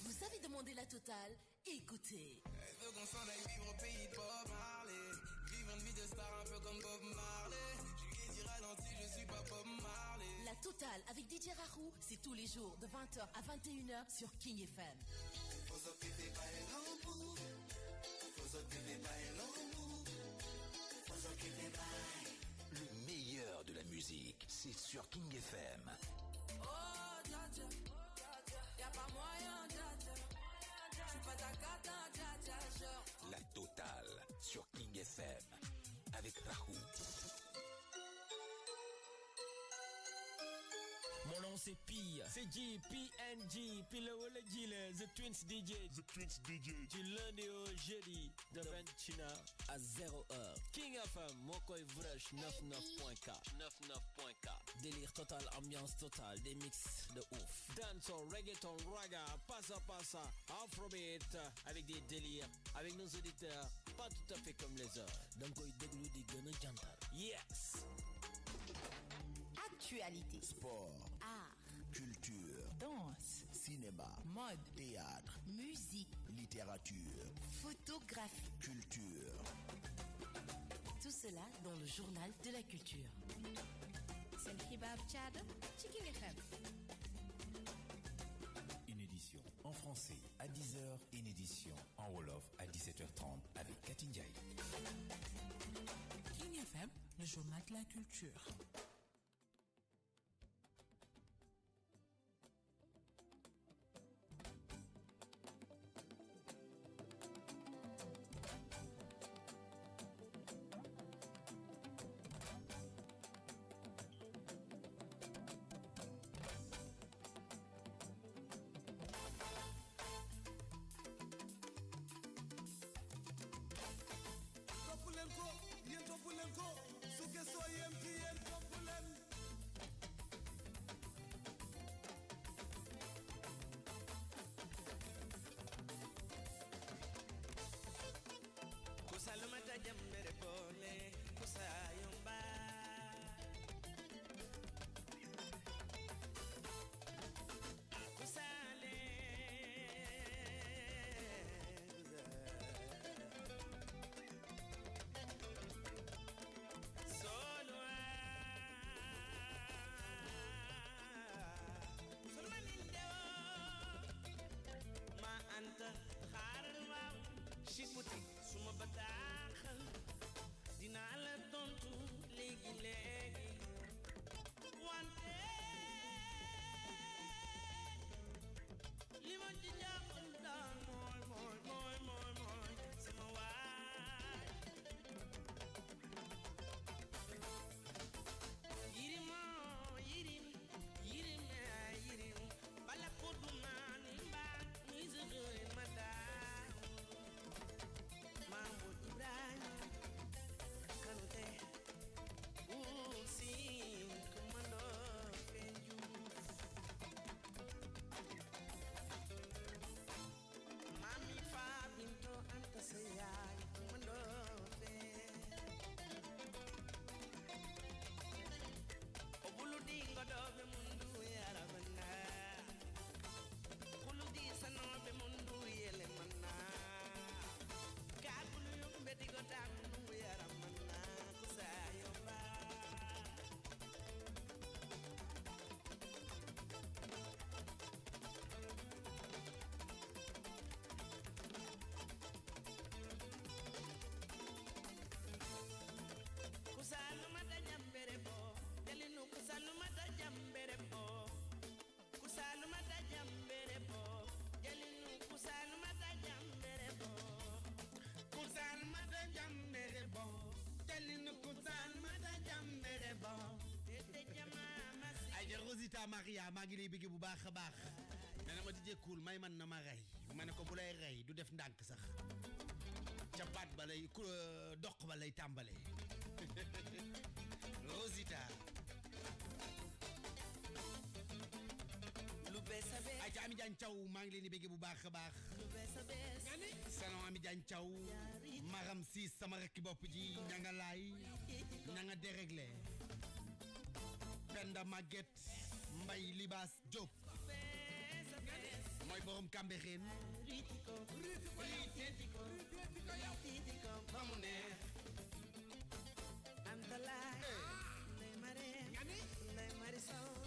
Vous avez demandé la totale, écoutez. Elle veut totale avec DJ Rahou, c'est tous les jours de 20h à 21h sur King FM. Le meilleur de la musique, c'est sur King FM. Oh, la totale sur King FM avec Rahou. c'est pire C'est G, PNG, puis le The Twins DJ The Twins DJ Du lundi au jeudi de 20 h à 0h King of Mokoy Vrush 99.4 99.4 Délire total, ambiance totale, des mix de ouf Dance, reggaeton, raga, passa passa, afrobeat Avec des délires, avec nos auditeurs, pas tout à fait comme les autres Donc Koy nos des Yes Actualité Sport Culture. Danse. Cinéma. Mode. Théâtre. Musique. Littérature. Photographie. Culture. Tout cela dans le journal de la culture. C'est Une édition en français à 10h, une édition en Wolof à 17h30 avec Katin Jai. FM, le journal de la culture. Rosita Maria maa ngi lay bëgg bu baax a baax nee ma di jëkkul may man na ma rey ma ne ko bu lay rey du def ndànk sax ca baat euh, doq ba lay tàmbale Rosita ay ca Ami Diagne Thiaw maa leen di bu baax a baax salon Ami Diagne Thiaw maram si sama rekki bopp ji ña nga laay ña nga déréglé Penda Maguette Mbay Libaas Diop mooy borom Cambérène Anta Laay eh. Ndey Mari Ndey Mari Sow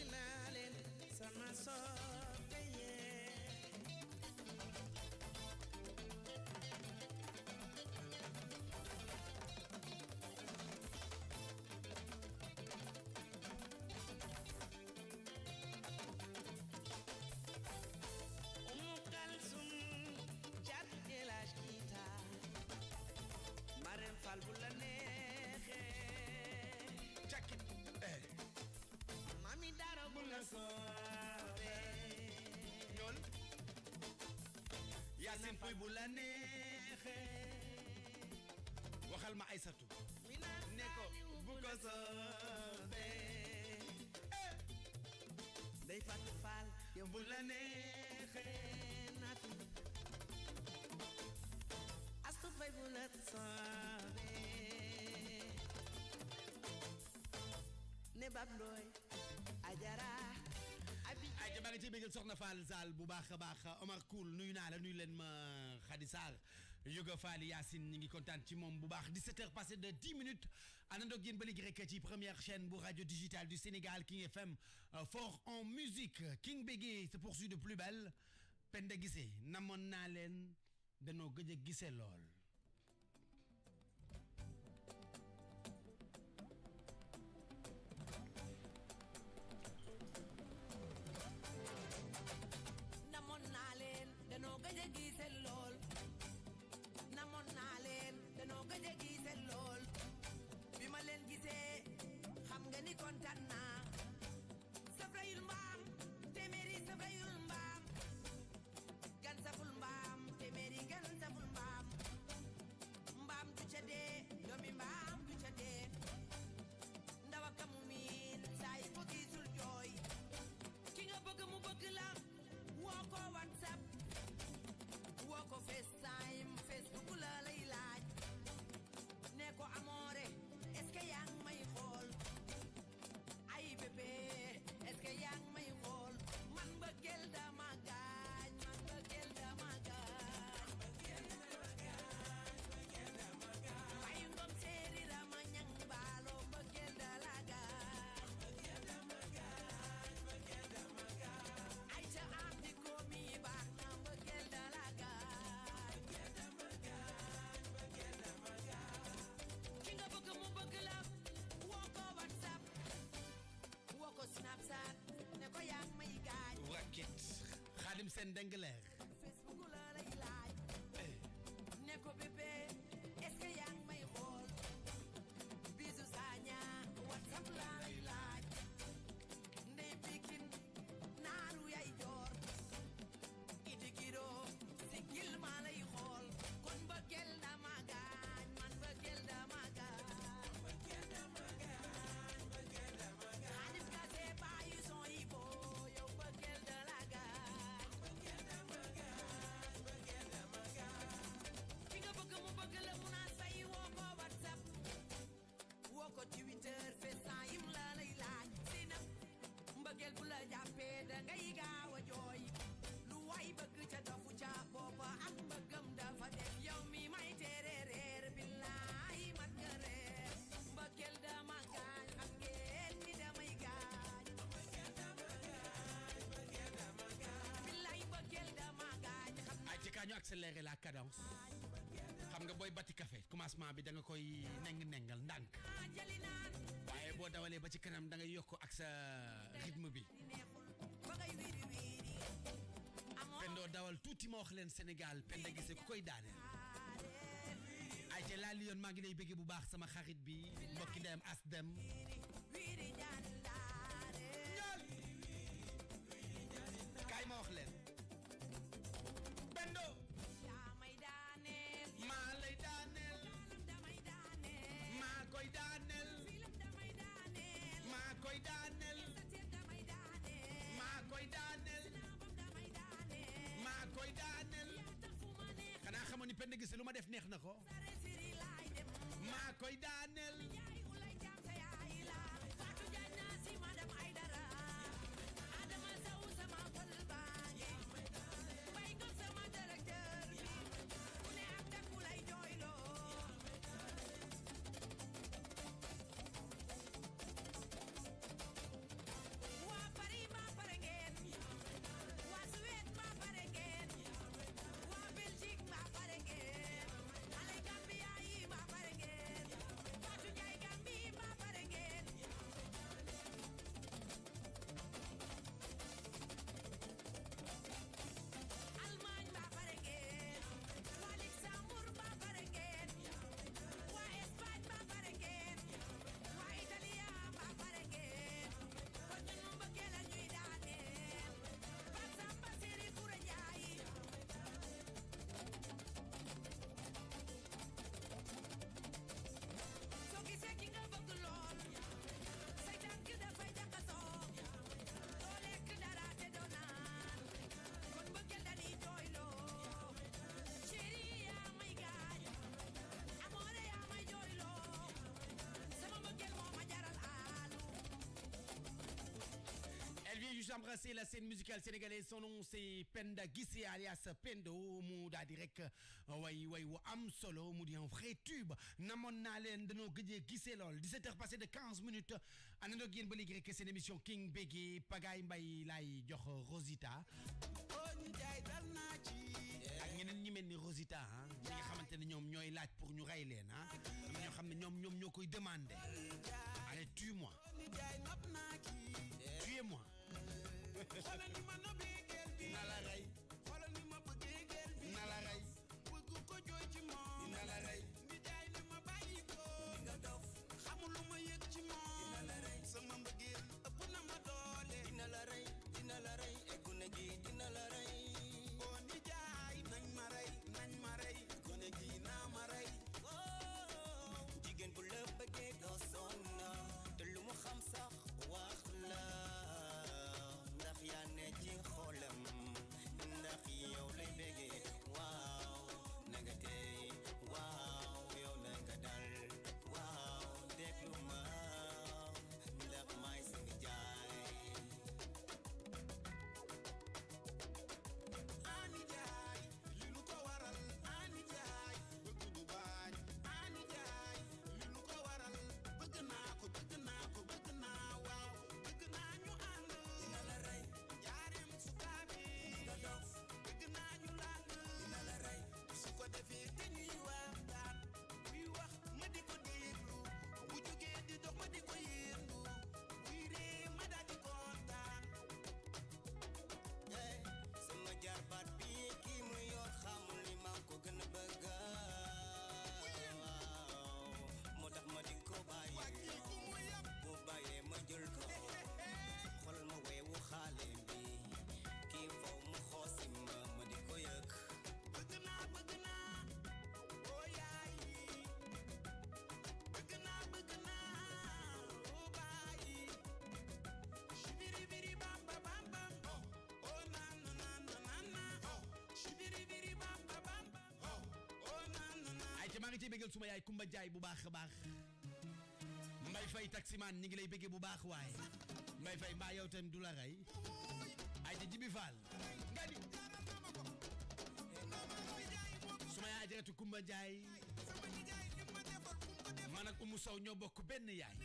looking at Ibou la neexee waxal ma Aysatu ne ko bu ko soobee day fàttu faal yow bu la neexee naa tudd astu fay bu la soobee ne bab looy maa ngi ciy bëggal soxna Fall Sall bu baax a baax Omar Koul nuyu naa la nuyu leen ma Khady Sarr Yoga Fall Yacine ñu ngi kontaan ci moom bu baax 17h passé de 10 minutes àndandoo ak yéen ba léegi rek ci première chaîne bu radio digitale du Sénégal King FM euh, fort en musique King Bégué se poursuit de plus belle de Guissé namoon naa leen danoo gëj a gisee lool. Sène Dengler cas ñu accélérer la cadence xam nga booy batti café commencement bi da nga koy neng-nengal ndànk waaye boo dawalee ba ci kanam da ngay yokk ak sa rythme bi pendoo dawal tuuti ma wax leen Sénégal penda gise ku koy daaneel ay te laa li yoon maa ngi lay bëgge bu baax sama xarit bi mbokki ndeyam as dem neex na ko maa koy daal tey embrassé la scène musicale sénégalaise son nom c'est Penda Gissé alias Pendo Muda direct am solo vrai tube de 17 h de 15 minutes King Bégué Pagay Mbaye Rosita Rosita ñi allez tue-moi tue-moi xoolal ni ma nobee gel bi na la rey xoolal ni ma bëggee gel bi na la rey bëgg ko jooy moom na la rey di jaay ni ma bàyyi ko nga dof xamul ma yëg ci moom na la rey sama mbëggeel ëpp na ma doole dina la rey dina la rey eggu na ji dina rey bégal suma yaay Kumba Jaay bu baax a baax Mbay Fay taximaan ñi ngi lay béggee bu baax waaye Mbay Fay mbaa yow tam du la rey ay di Jibi Faal nga ni suma yaay ajaratu Kumba Jaay man ak Umu Sow ñoo bokk benn yaay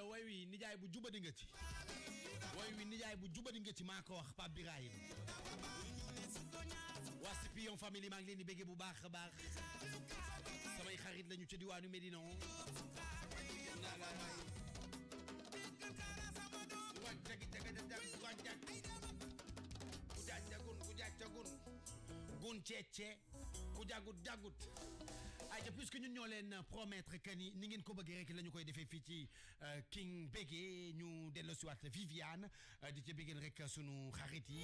yow way wi nijaay bu jubadi nga ci way wi nijaay bu jubadi nga ci maa ko wax Pape Birahim waa Sipiyon famille maa ngi leen di bëggee bu baax a baax samay xarit lañu ci diwaanu Médina gun ku jàccagun gun ceecce ku jagut jagut Aja puisque ñun ñoo leen promettre que ni ni ngeen ko bëggee rek la ñu koy defee fii ci euh, King Bégué ñu delloosiwaat Viviane euh, di ci béggeen rek sunu xarit yi.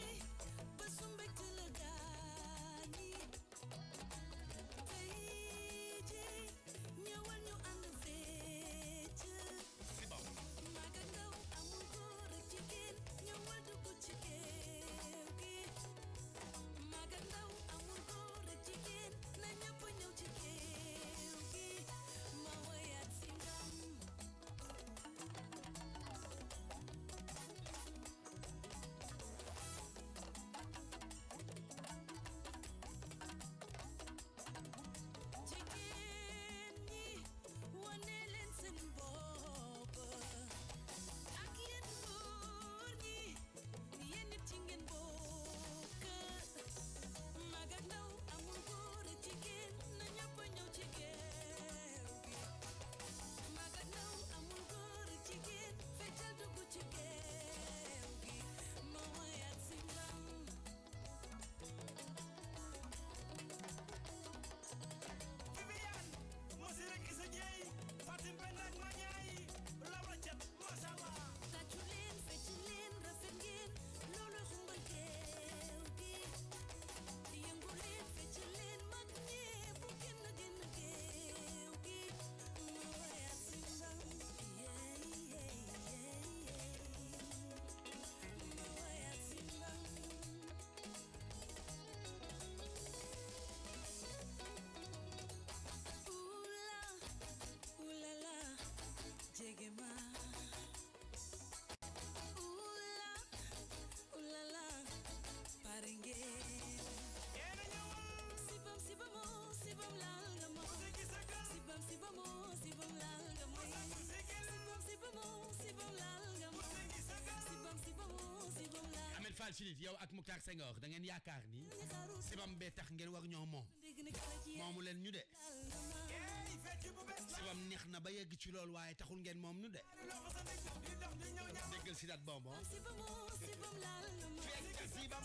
Chérif yow ak Moukhtar Senghor da ngeen yaakaar ni sibam bee tax ngeen war ñoo moom moomu leen ñu de sibam neex na ba yegg ci lool waaye taxul ngeen moom ñu de déggal si daat bonbon fekk sibam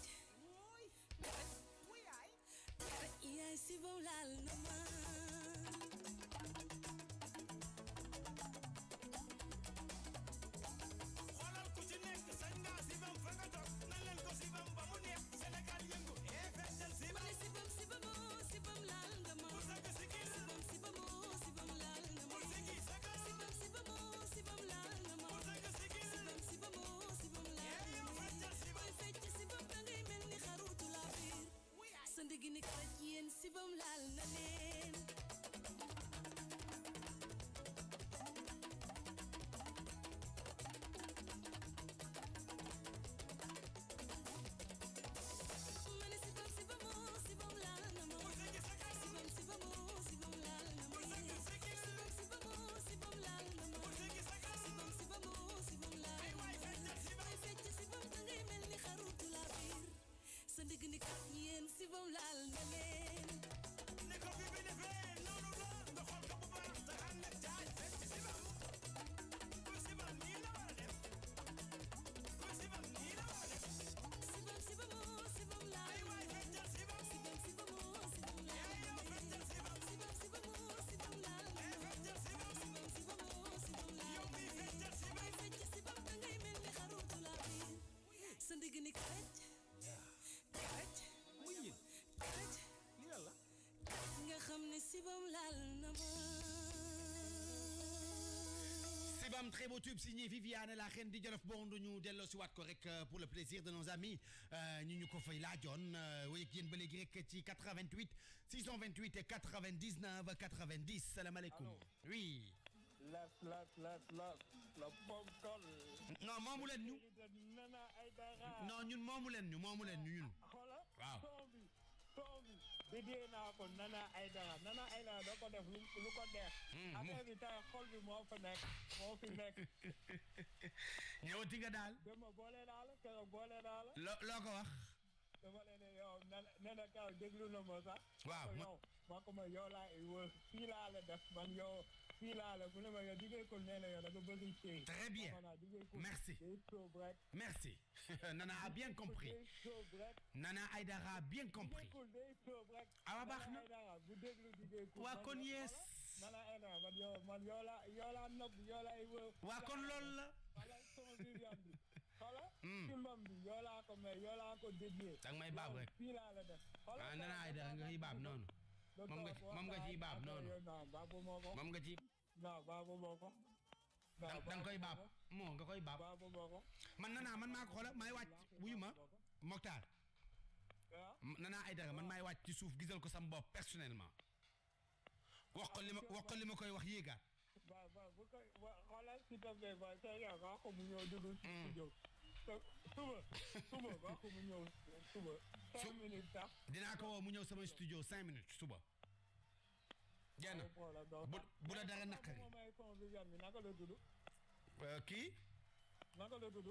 ay si wow laal na ma xoolal ku ci nekk sañ nga si bam fa nga toog nan leen ko si bam ba mu neex Sénégal yëngu ee feetal si bam si bam si bam si bam laal nga ma bu sag si kii si bam si bam si bam laal nga ma bu sag si kii si bam si bam si bam laal nga ma bu sag si kii si bam si bam si bam laal nga ma booy fecc si bam da ngay mel ni xarutu laa biir sa ndigg ni kala très beau tube signé Viviane la reine euh, pour le plaisir de nos amis 88 628 99 90 oui. non non bidee naa ko Nana Aidara Nana Aidara da ko def lu ko def. Hmm, affaire bi tey xol bi moo fa moo fi nekk. ñëwati nga daal. dama boole naa la keroog boole naa la. loo wax. dama leen ne yow Nana Kaw déglu na ma waaw ma yow ma yow laa wër fii laa la def man yow. Très bien. Ah, Merci. Merci. Nana a bien compris. Nana Aydara a bien compris. awa ah, bah, bah, waaw baaboo ko. baaboo da nga koy baab moo nga koy baab. man nanaa man maa ko may maay wàcc wuyu ma Mokhtar. nanaa ay dara man maay wàcc ci suuf gisal ko sam bopp personnellement. wax ko ma wax ko li ma koy wax yéegaat. waaw waaw koy xoolal si ba tey jii wax ko mu ñëw dugg si mm. studio. suba suba mu ñëw suba. cinq minutes sax. dinaa ko woo mu ñëw sama studio cinq minutes suba. jenn bu bu la dara naqari. kii. Euh, naka la tudd.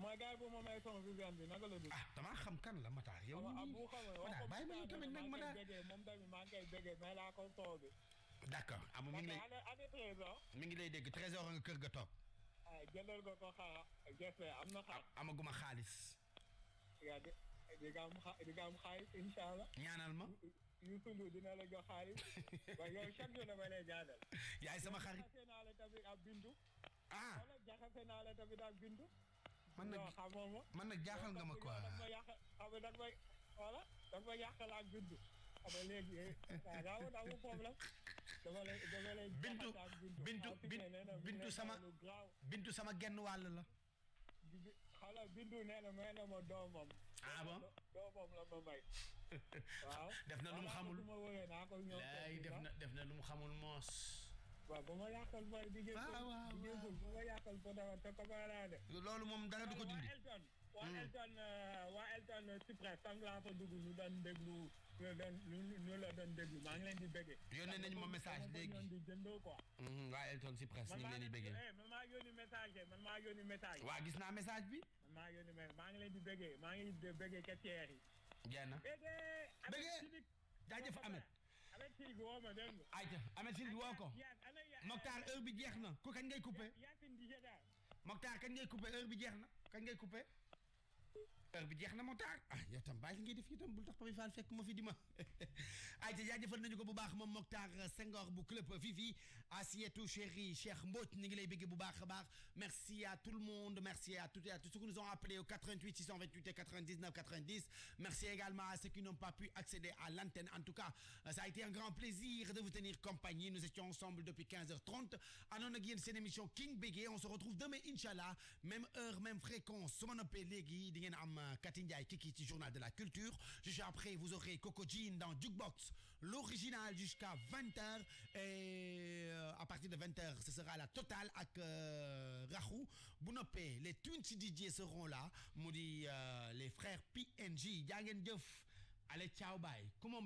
mooy gars bu ma may son Viviane bi naka la tudd. ah damaa xam kan la Matar yow. ah bu xamee bàyyi ma ñu tamit nag Matar. moom tamit maa ngi koy déggee mais laa ko soobee. d' accord amu mi ngi lay mi ngi lay dégg trésor nga kër ga toog. ah jëndal ko ko xaar gerte am na xaar. amaguma xaalis. yaa di di nga am xaalis incha allah. ñaanal ma. Youssou Ndour dina la jox xaalis waaye yow chaque jour dama lay jaadal. yaay sama xarit jaxase naa la tamit ak bindu. ah wala jaxase naa la tamit ak bindu. man nag xamoo ma man nag jaaxal nga ma quoi. dag ma yàq xam nga dag ma voilà dag ma yàqal ak bindu xam nga léegi waaw daawu daawu problème dama lay dama lay. bindu bindu bindu sama bindu sama genn wàll la. xala bindu nee na may na ma doomam. ah bon doomam la ma may. waaw def na lu mu xamul laay def na def na lu mu xamul moos. waaw ba ma yàqal mooy ma yàqal ko dama te ko laa loolu moom dara du ko dindi waa Elton waa hmm. Elton euh, euh, Cyprès fan laa fa dugg ñu doon déglu ñu la maa ngi leen di bëggee yónnee nañu ma message léegi di jëndoo quoi hmm, waa Elton Cyprès ñu ngi leen di bëggee eh, man maa eh, waa gis naa message bi maa ngi leen maa ngi leen di bëggee maa ngi di bëggee ketière yi. jeex na bëggee. jaajëf Ameth. Ameth Sylvie woo ma dégg nga. ayca Ameth Sylvie woo ko. kan heure ku kañ ngay coupé. Mokhtar kañ ngay coupé bi jeex na kañ ngay coupé. heure bi jeex na Mokhtar ah yow tam bàyyi li ngay def yi tam bul tax Pape Fall fekk ma fi di ma. club Vivi Chéri Cheikh merci à tout le monde merci à tous ceux qui nous ont appelé au 88 628 et 99 90 merci également à ceux qui n'ont pas pu accéder à l'antenne en tout cas ça a été un grand plaisir de vous tenir compagnie nous étions ensemble depuis 15h30 émission King on se retrouve demain inchallah même heure même fréquence Kiki journal de la culture juste après vous aurez Coco dans Jukebox, l'original jusqu'à 20h. Et euh, à partir de 20h, ce sera la totale avec Rahu, euh, Rahou Bounopé. Les twins DJ seront là. Moudi, euh, les frères PNG, Yagen Allez, ciao, bye. Comment on